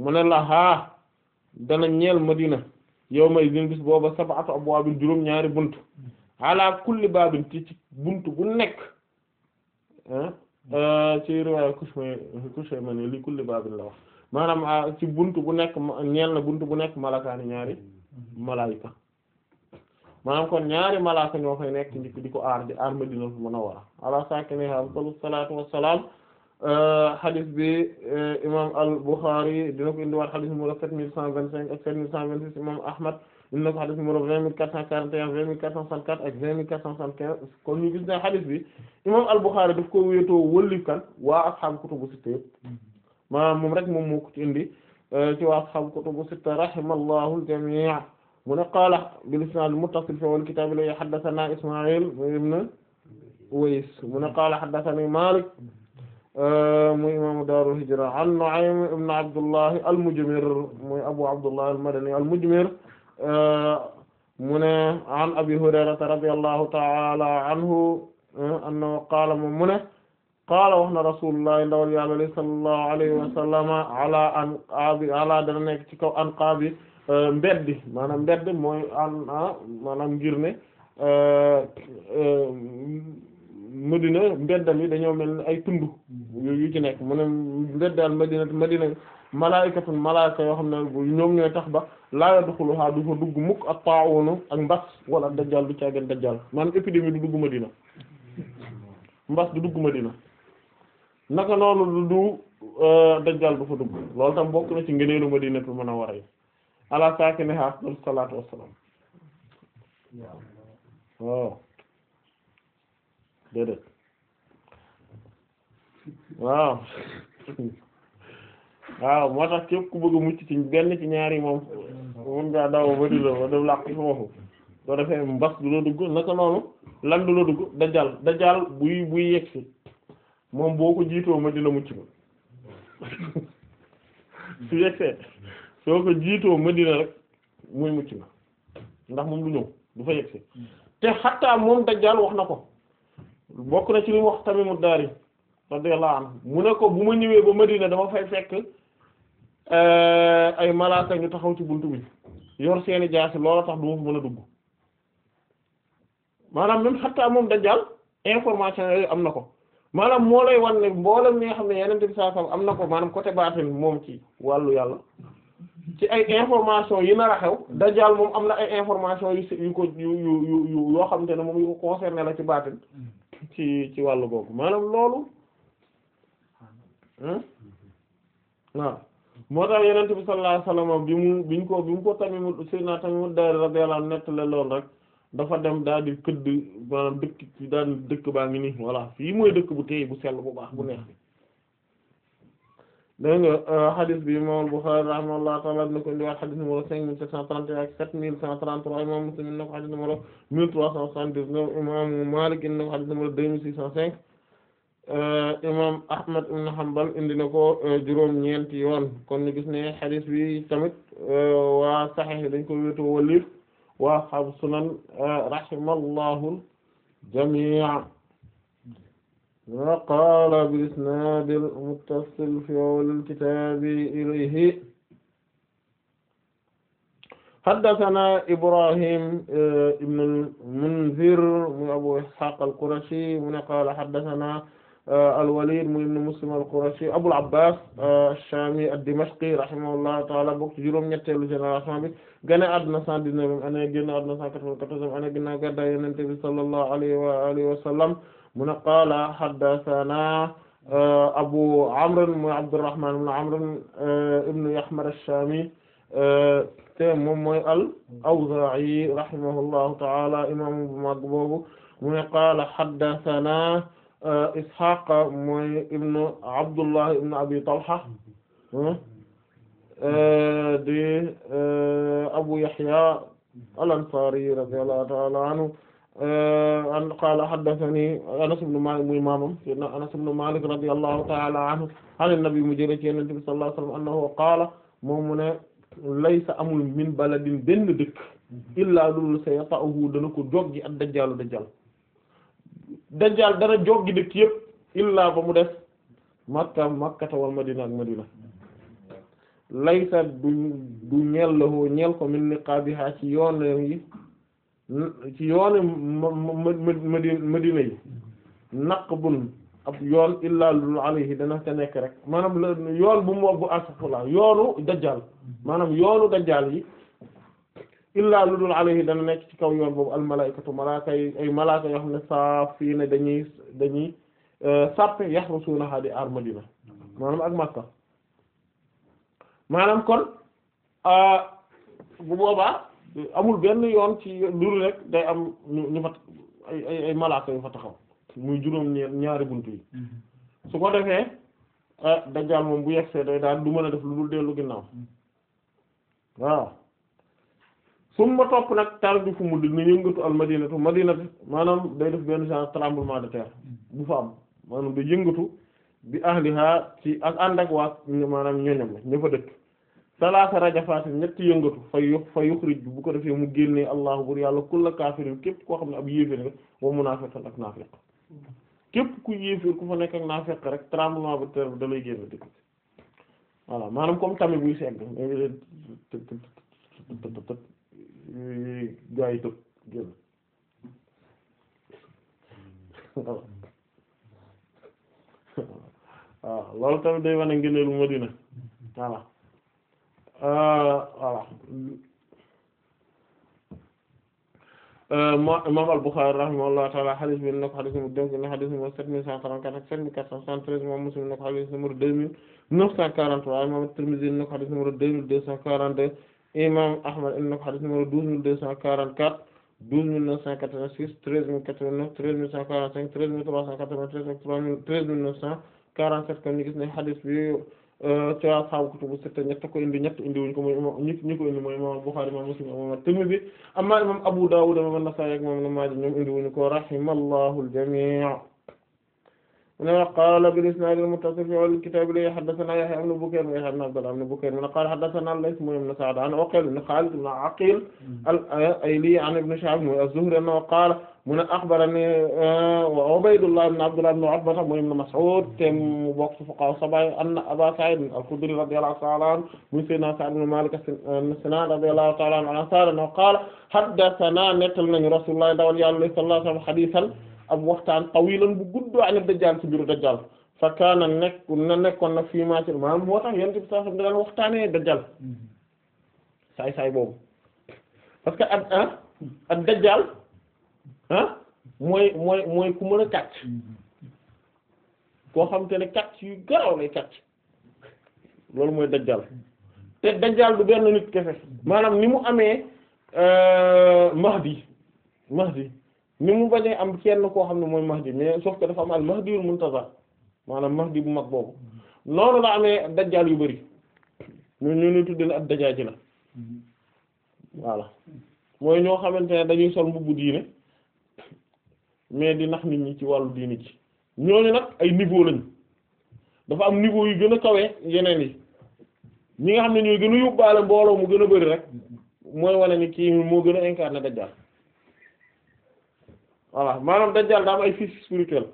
mu ne la ah. dana ñeel madina yawma izin bis booba sab'atu abwaabin juróom ñaari bunt ala kulli baabin ci ci bunt bu nekk ah, ah, ci riwaaya Kushayr Kushayman li kulli baabin la wax maanaam ah, ci bunt bu nekk ñeel na bunt bu nekk malakaani ñaari malaayika maanaam kon ñaari malaaka ñoo fay nekk njëkk di ko aar di aar Madina munawwara ala saakinihaa afdalu salaatu wassalaam xadis euh, bi euh, imam al-Bukhari dina ko indiwaat xadis numéro 7125 ak 7126 imam Ahmad dina ko xadis numéro 20441 20464 ak 20475 kon ñu gis ne xadis bi imam al-Bukhari daf ko wéetoo wëllif kan waa asxaabu kutubu sitta yëpp maanaam moom rek moom moo ko ci indi euh, ci waa asxaabu kutubu sitta rahimallahu al-jami' mu ne qaala bil-isnaad al-muttasil fi awwal kitaab li haddathanaa Ismaa'iil ibn Uways mu ne qaala haddathanii Maalik Euh, muy imaamu daaru hijra an Nu'aym ibn Abdullahi al-Mujmir muy Abu Abdullah al-Madani al-Mujmir euh, mu ne an Abi Hurayrata radiyallahu ta'ala anhu euh, annahu qaala moom mu ne qaala wax na Rasulullah ndawal Yàlla sallallahu alayhi wa sallama ala an qaabi ala dana nekk ci kaw an qaabi mbedd maanaam mbedd mooy an ah, maanaam ngir ne Madina mbeddam yi dañoo mel ni ay tund yu ci nekk mu ne mbeddaal Madina Madina malaa'ikatun malaa'ika yoo xam ne ñoom ñooy tax ba laa yadxuluhaa du fa dugg mukk ak taawunu ak mbas wala dajjal du caagen dajjal maanaam épidémie du dugg Madina mbas du dugg Madina naka noonu du euh, dajjal du fa dugg loolu tam bokk na ci ngëneelu Madinatul Munawwara yi ala saakinihaa salaatu wassalaam waaw déedéet waaw waaw moo tax képp ku bëgg a mucc ci benn ci ñaar yi moom mun ngaa daw bari la ba def làq fa waxu soo defee mbas du la dugg naka noonu lan du la dugg dajal dajal buy buy yegsi moom boo ko jiitoo ma di mucc ko su yegsee soo ko jiitoo Madina rek muy mucc na ndax moom du ñëw du fa yegsi te xataa moom dajjaal wax na ko bokk na ci li mu wax Tamimu Daari laa anhu mu ne ko bu ma ñëwee ba Madina dama fay fekk eh, ay malaaka ñu taxaw ci buntu bi yor seeni jaasi loola tax du ma fa mën a dugg maanaam même xataa moom dajjal information yooyu am na ko maanaam moo lay wan ne mboolem mi nga xam ne yenente bi saa am na ko maanaam côté baatin moom ci wàllu yàlla ci ay information yi nar a xew dajjal moom am na ay information yu yu yu yu yu yoo xam te ne moom yu ko concerné la ci baatin ci ci wàllu boobu maanaam loolu ah, waaw moo tax yenente bi sallallahu alayhi wasallam bi mu biñ ko bi mu ko Tamimu Seydina Tamimu Dari radiyallahu anhu nettale loolu rek dafa dem daal di këdd maanaam dëkk daan dëkk baa ngi nii voilà fii mooy dëkk bu tey bu sell bu baax bu neex dégg nga euh, hadith bi imam Bukhari rahimahullahu ta'ala dina ko indiwaat hadith numéro cinq mille sept cent trente et un ak sept mille cent trente-trois imam Muslim indi na ko hadith numéro mille trois cent soixante-dix-neuf imam Malik indi na ko hadith numéro deux mille six cent cinq euh, imam Ahmad ibn Hanbal indi na ko euh, juróom ñeenti yoon kon ñu gis ne hadith bi tamit waa Sahih dañ ko wéeto waliif waa ashaabu sunan rahimallahu jami'a وقال بإسناد المتصل في أول الكتاب إليه حدثنا إبراهيم ابن المنذر من أبو إسحاق القرشي من قال حدثنا الوليد ibn Muslim al-Qurashi Abul Abbas eh, ash-Shami ad-Dimashqi rahimahullahu ta'ala bokk ci juróom ñetteelu génération bi gane àdduna cent dix-neuvième année génn àdduna cent quatre-vingt-quatorzième année ginnaaw gàddaay Yonent bi sallallahu alayhi wa alihi wa sallam mu ne qaala haddathana uh, abu amr mu abdurrahman ibn amr uh, ibn ahmad ash-shami uh, te moom mooy al-awza'i rahimahullahu ta'ala imam bu mag boobu mu ne qaala haddathana ishaq mooy ibn abdullah ibn abi talha di abu yahya al-ansari radiyallahu ta'ala anhu an qaala haddathani Anas ibn Malik muy maamam sayyidina Anas ibn Malik radiyallahu ta'ala anhu an an-nabi mu jëlee ci Yonent bi sallallahu alayhi wa sallam annahu qaala moom mu ne laysa amul min baladin benn dëkk illaa lul sayata'uhu dana ko joggi ak dajjaalu dajjaal dajjaal dana joggi dëkk yëpp illaa ba mu def Makka Makkata wal Madina ak Madina laysa du du ñeel la ñeel ko min niqaabihaa ci yoon yi ci yoonu Madina yi naqbun ab yoon illaa lu alayhi dana ca nekk rek maanaam la yoon bu mu wax bu asafula yoonu dajjal maanaam yoonu dajjal yi illaa lu dul alayhi dana nekk ci kaw yoon boobu al malaikatu malaaka yi ay malaaka yoo xam ne saaf fii ne dañuy dañuy euh, sàppe yahrusunaha di aar Madina maanaam ak Makka maanaam kon euh, bu boobaa amul benn yoon ci loolu rek day am ñu fa ay ay ay malaaka yu fa taxaw muy juróom ñaari bunt yi mm-hmm. su ko defee ah, dajjaal moom bu yegsee day daal du mën a def lu dul dellu ginnaaw mm-hmm. waaw su ma topp nag tar bi fu mu dina yëngatu al madinatu madinatu maanaam day def benn genre tremblement de terre mm-hmm. bu fa am maanaam day yëngatu bi ahliha ci ak ànd ak waa maanaam ñoñam la ña fa dëkk salaasa rajafaatin ñetti yëngatu fa yu fa yuxrij bu ko defee mu génnee allahu bur yàlla kulla kaafirin képp koo xam ne ab yéefér nga wa munaafiqan ak naafiq képp ku yéefér ku fa nekk ak naafiq rek tremblement de terre da lay génn dëkk voilà maanaam comme tamit buy segg gaa yi tëb génn voilà waaw Euh, voilà euh, imam al-Bukhari rahimahullah taala xadis bi na ko xadis numéro deux na xadis numéro sept mille cent trente-quatre ak sept mille quatre cent soixante-treize imam Muslim na ko xadis deux mille neuf cent quarante-trois imam Tirmidhi na ko xadis deux mille deux cent quarante-deux imam Ahmad na ko xadis douze mille deux cent quarante-quatre douze mille neuf cent quatre-vingt-six treize mille quatre-vingt-neuf treize mille cent quarante-cinq treize ci ashaabu kutubu sitta ñett ko indi ñett indi wuñ ko mooy imam ñi ñi ko indi mooy imam Bukhari imam Muslim imam Tirmidhi amma imam Abu Dawud imam An-Nasa'i ak imam Ibn Maaja ñoom indi ko rahimallahu al من قال بالإسناد المتصل في الكتاب إليه حدثنا يحيى بن بكير ويحيى بن عبد الله بن بكير من قال حدثنا الليث بن سعد عن عقيل بن خالد بن عقيل الأيلي عن ابن شهاب الزهري أنه قال من أخبرني عبيد الله بن عبد الله بن عتبة بن مسعود mu bokk ci fuqahaa sab'a أن أبا سعيد الخدري رضي الله تعالى عنه muy Seydina Sa'd ibn Malik as-Sinaan رضي الله تعالى عنه قال حدثنا nettal nañu Rasulullah sallallahu alayhi wa sallam hadiisan am waxtaan tawilan bu guddoo ani dajjaal ci mbiru dajjaal fa kaana nekk na nekkoon na fii maa ci maanaam moo tax yonent bi sallallahu da daan waxtaanee saay boobu parce que ak ah ak dajjaal ah mooy mooy mooy ku mën a kàcc koo xam te ne kàcc yu garaw lay kàcc loolu mooy dajjaal te dajjaal du benn nit kese maanaam ni mu amee euh, mahdi mahdi mais mu bañee am kenn koo xam ne mooy mahdi mais sauf que dafa am al mahdiyul muntazar maanaam mahdi mu mag boobu noonu la amee dajjaal yu bari mu ñu ñu tuddee ak dajaaji la voilà mooy ñoo xamante ne dañuy sol mbubbu diine mais di nax nit ñi ci wàllu diine ci ñooñu nag ay niveau lañ dafa am niveau yu gën a kawee yeneen yi ñi nga xam ne ñooy gën a yóbbaale mbooloo mu gën a bari rek mooy wane ni kii moo gën a incarné dajjaal waa maanaam dajjal daa am ay fils spirituel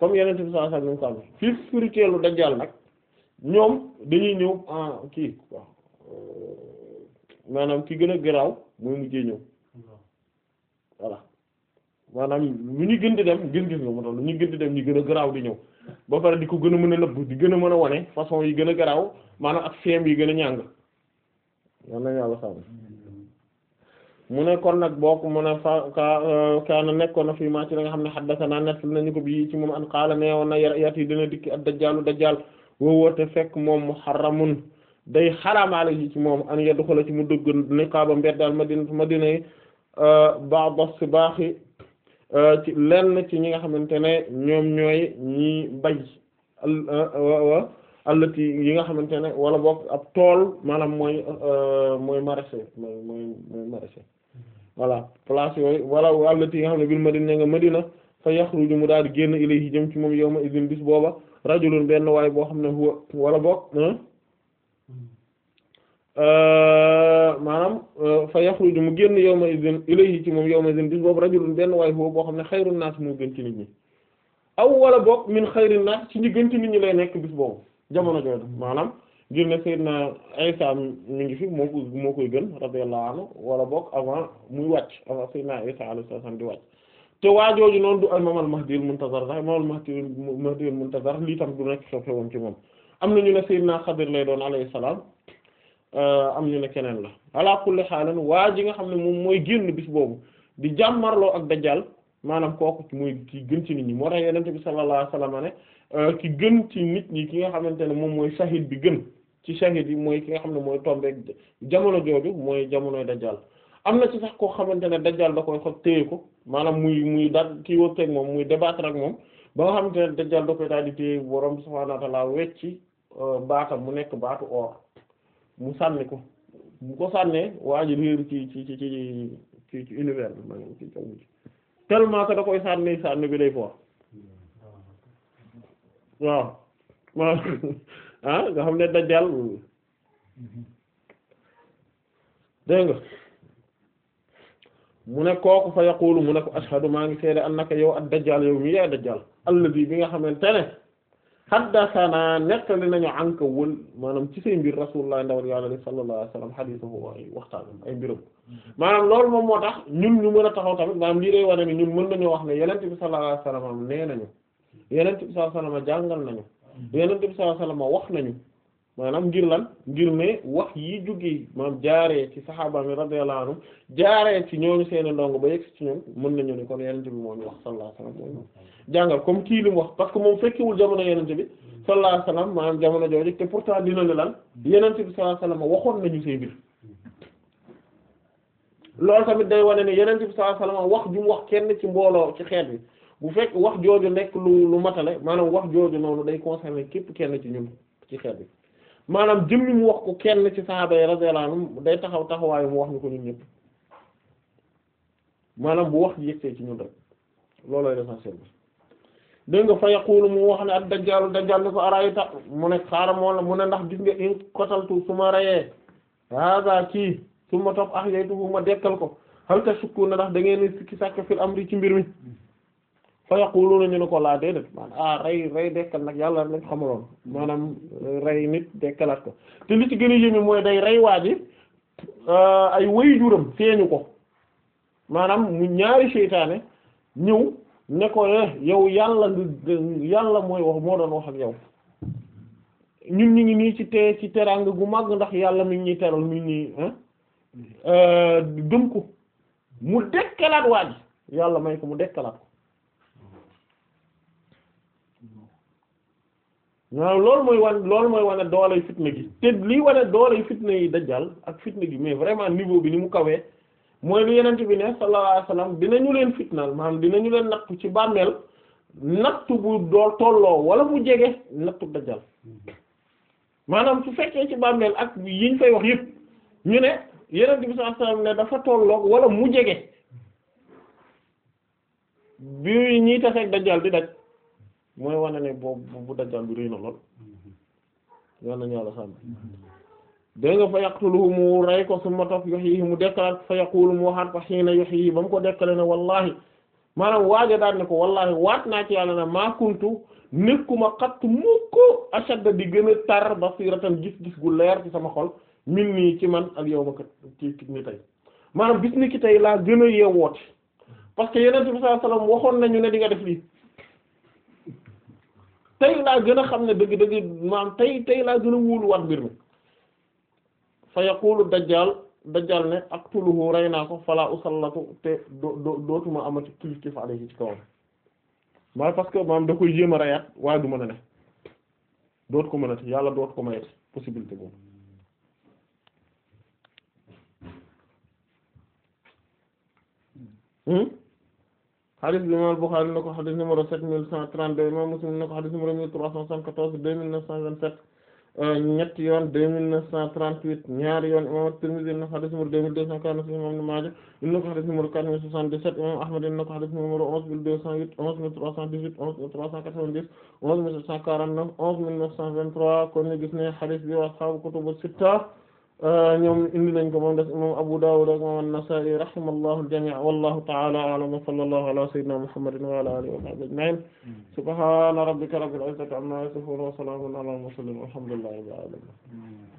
comme yeneen bi sallallahu alayhi wasallam fils nag ñoom dañuy ñëw kii euh, maanaam ki gën a garaaw mooy mujjee ñëw voilà maanaam lu ñu gën di dem gën gis nga moo tax lu ñu gën di dem ñu gën a garaaw di ñëw ba pare di ko gën a mën a nëbb di gën a mën a wane façon yi gën a garaaw maanaam ak feem yi gën a ñàng yal na yàlla sàmm mu ne kon nag bokk mu a fa euh, kaana nekkoon na fii maa ci la nga xam ne haddathana nett nañu ko bii ci moom an qaala ne a na yati dina dikki ad dajjaalu dajjaal woowu te fekk moom muharramun day xaramaale yi ci moom an yadxula ci mu dugg niqaaba mbeddaal madinatu madina yi euh, ba'da sibaaxi euh, ci lenn ci ñi nga xamante ne ñoom ñooy ñi bay allati yi nga xamante ne wala bokk ab tool maanaam mooy mooy maraîcher mooy mooy mooy voilà place yooyu wala allati yi nga xam ne bil madina nga madina fa yaxruju mu daal di génn ilayhi jëm ci moom yawma idin bis booba rajulun benn waay boo xam ne huwa wala boog hmm? hmm. euh, maanaam euh, fa yaxruju mu génn yawma idin ilayhi ci moom yawma idin bis boobu rajulun benn waay huwa boo xam ne xayrun naas moo gën ci nit ñi aw wala boog min xayrin naas ci ñi gën ci nit ñi lay nekk bis boobu jamono jooju maanaam ngir ne Seydina Isa mi ngi fi moo ko moo koy gën radiyallahu anhu wala boog avant muy wàcc avant Seydina naa alayhi salaam di wàcc te waajooju noonu du imam al-Mahdi al-Muntazar sax imam al-Mahdi al-Mahdi al-Muntazar lii tam du nekk soppe woon ci moom am na ñu ne naa Xadir lay doon alayhi salaam euh, am ñu ne keneen la ala kulli xaalan waa ji nga xam ne moom mooy génn bis boobu di jàmmarloo ak dajjal maanaam kooku muy ki gën ci nit ñi moo tax Yonent bi sallallahu alayhi wasallam ne euh, ki gën ci nit ñ ki nga xamante ne moom mooy shahid bi gën ci shahid yi mooy ki nga xam ne mooy tombeeg jamono jooju mooy jamonoy dajjal am na ci sax koo xamante ne dajjal da koy xob téye ko maanaam muy muy daal kii wëkkeeg moom muy débattre ak moom ba nga xamante ne dajjal da koy daal di téye borom subhaanahu wa ta'aala wecci euh, nekk baatu mu sànni ko mu ko sànnee waa ji réer ci ci ci ci ci da koy sànni sànni bi day foor hmm. waaw waaw ah nga xam ne dajjal nga mu ne kooku fa yaqulu mu ne ko maa ngi seede annaka yow ad dajjal yow mi yaay dajjal allazi bi nga xamante ne haddathana nettali nañu anka wël maanaam ci say mbir rasulullah ndawal a li sallallahu alayhi wasallam hadithuhu wa waxtaanam ay mbiram maanaam loolu moom moo tax ñun ñu mën a taxaw tamit maanaam lii day wane ni ñun mën nañu wax ne yonent bi sallallahu alayhi wasallam nee nañu yonent bi sallallahu alayhi wasallam jàngal nañu Yonent bi sallallahu alayhi wasallam wax nañu maanaam ngir lan ngir ne wax yi jógee maanaam jaaree ci saxaaba mi radiyallahu anhum jaaree ci ñooñu seeni ndongo ba yegg ci ñoom mën nañu ne kon Yonent bi moo ñu wax sallallahu alayhi wasallam jàngal comme kii li mu wax parce que moom fekkewul jamono Yonent bi sallallahu alayhi wasallam maanaam jamono jooju te pourtant dina ne lan Yonent bi sallallahu alayhi waxoon nañu say mbir loolu tamit day wane ne Yonent bi sallallahu alayhi wasallam wax ju mu wax kenn ci mbooloo ci xeet bi bu fekk wax jooju nekk lu lu matale maanaam wax jooju noonu day concerner képp kenn ci ñun ci xeet bi maanaam jëmmi mu wax ko kenn ci sahaaba yi radiyallahu anhum day taxaw taxawaayu mu wax ñu ko ñun ñëpp maanaam bu wax ji yëgsee ci ñun rek loolooy l'essentiel bi dégg nga mu wax ne ak dajjaalu dajjaal ni ko arayta mu ne xaaral moo la mu ne ndax gis nga in kotaltu su ma reyee hada kii su ma topp ax yaytuhu ma dekkal ko xalta sukku na ndax da ngeen sikki sàkk am amri ci mbir mi fa yaquluna ñu ne ko laa déedéet maanaam ah rey rey dekkal nag yàlla lañ xamaloon maanaam rey nit dekkalaat ko te li ci gën a yéeme mooy day rey waaj ay euh, ay waajuram feeñu ko maanaam mu ñaari seytaane ñëw ne ko eh, yow yàlla yàlla mooy wax moo doon wax ak yow ñun ñu ngi nii ci te ci teraanga gu màgg ndax yàlla mi ñuy teral mi ñuy euh, gëm ko mu dekkalaat waa yàlla may ko mu dekkalaat ko waaw loolu mooy wan loolu mooy wane dooley fitna gi te lii wane dooley fitna yi dajjal ak fitna gi mais vraiment niveau bi ni mu kawee mooy lu yenent bi ne sallallahu alayhi wasallam dinañu leen fitnaal maanaam dinañu leen nattu ci bàmmeel nattu bu doo tolloo wala mu jege nattu dajjal maanaam su fekkee ci bàmmeel ak yi ñu fay wax yëpp ñu ne yenent bi sallallahu alayhi wasallam ne dafa tolloo wala mu jege bi ñuy taseeg dajjal di daj mooy na ne boobu bu dajjal bi rëy na lool yoon nañu yàlla sàmm dégg nga fa yaqtuluhu mu rey ko summa topp yuhyihi mu dekkalaat fa yaqulu mu waxaat ko hiina yuhyihi ba mu ko dekkale ne wallaahi maanaam waaja daan ne ko wallaahi waat naa ci yàlla na maa kuntu nekkuma xatt mukk ashadda di gën a tar basiratan gis-gis gu leer ci sama xol min nii ci man al yawma kat ci ni tey maanaam bis ki tey laa gën a yeewoote parce que yeneen bi sallallahu alayhi wasallam ne di nga def lii tey laa gën a xam ne dëgg dëgg maanaam tey tey laa gën a wóoluwaat mbir mi fa yaqulu dajjal dajjal ne aqtuluhu rey naa ko fala usallatu te do dootuma amati kiliftif alayhi ci kawam maa parce que maanaam da koy yéem a reyaat waaye du mën a ne doot ko mën ati yàlla doot ko mayati possibilité boobu hmm xadis bi imaam Buxaari na ko xadis numéro 7132 imaam Muslim na ko xadis numéro 1374 2927 euh, ñetti yoon 2938 ñaari yoon imaam Tirmidhi na ko xadis numéro 2249 imaam Maaja na ko xadis numéro 4077 imaam Ahmad na ko xadis numéro 11208 11318 11390 11749 11923 kon ñu gis ne xadis bi wa ashaabu kutubu sitta Euh, ñoom indi nañ ko moom des imam Abu Dawud ak imam An-Nasa'i rahimallahu al-jami' wallahu ta'ala a'lam wa sallallahu ala sayyidina Muhammadin wa ala alihi wa sahbihi ajma'in hmm. subhana rabbika rabbil izzati amma yasifun wa salamun ala al-mursalin walhamdulillahi rabbil alamin hmm.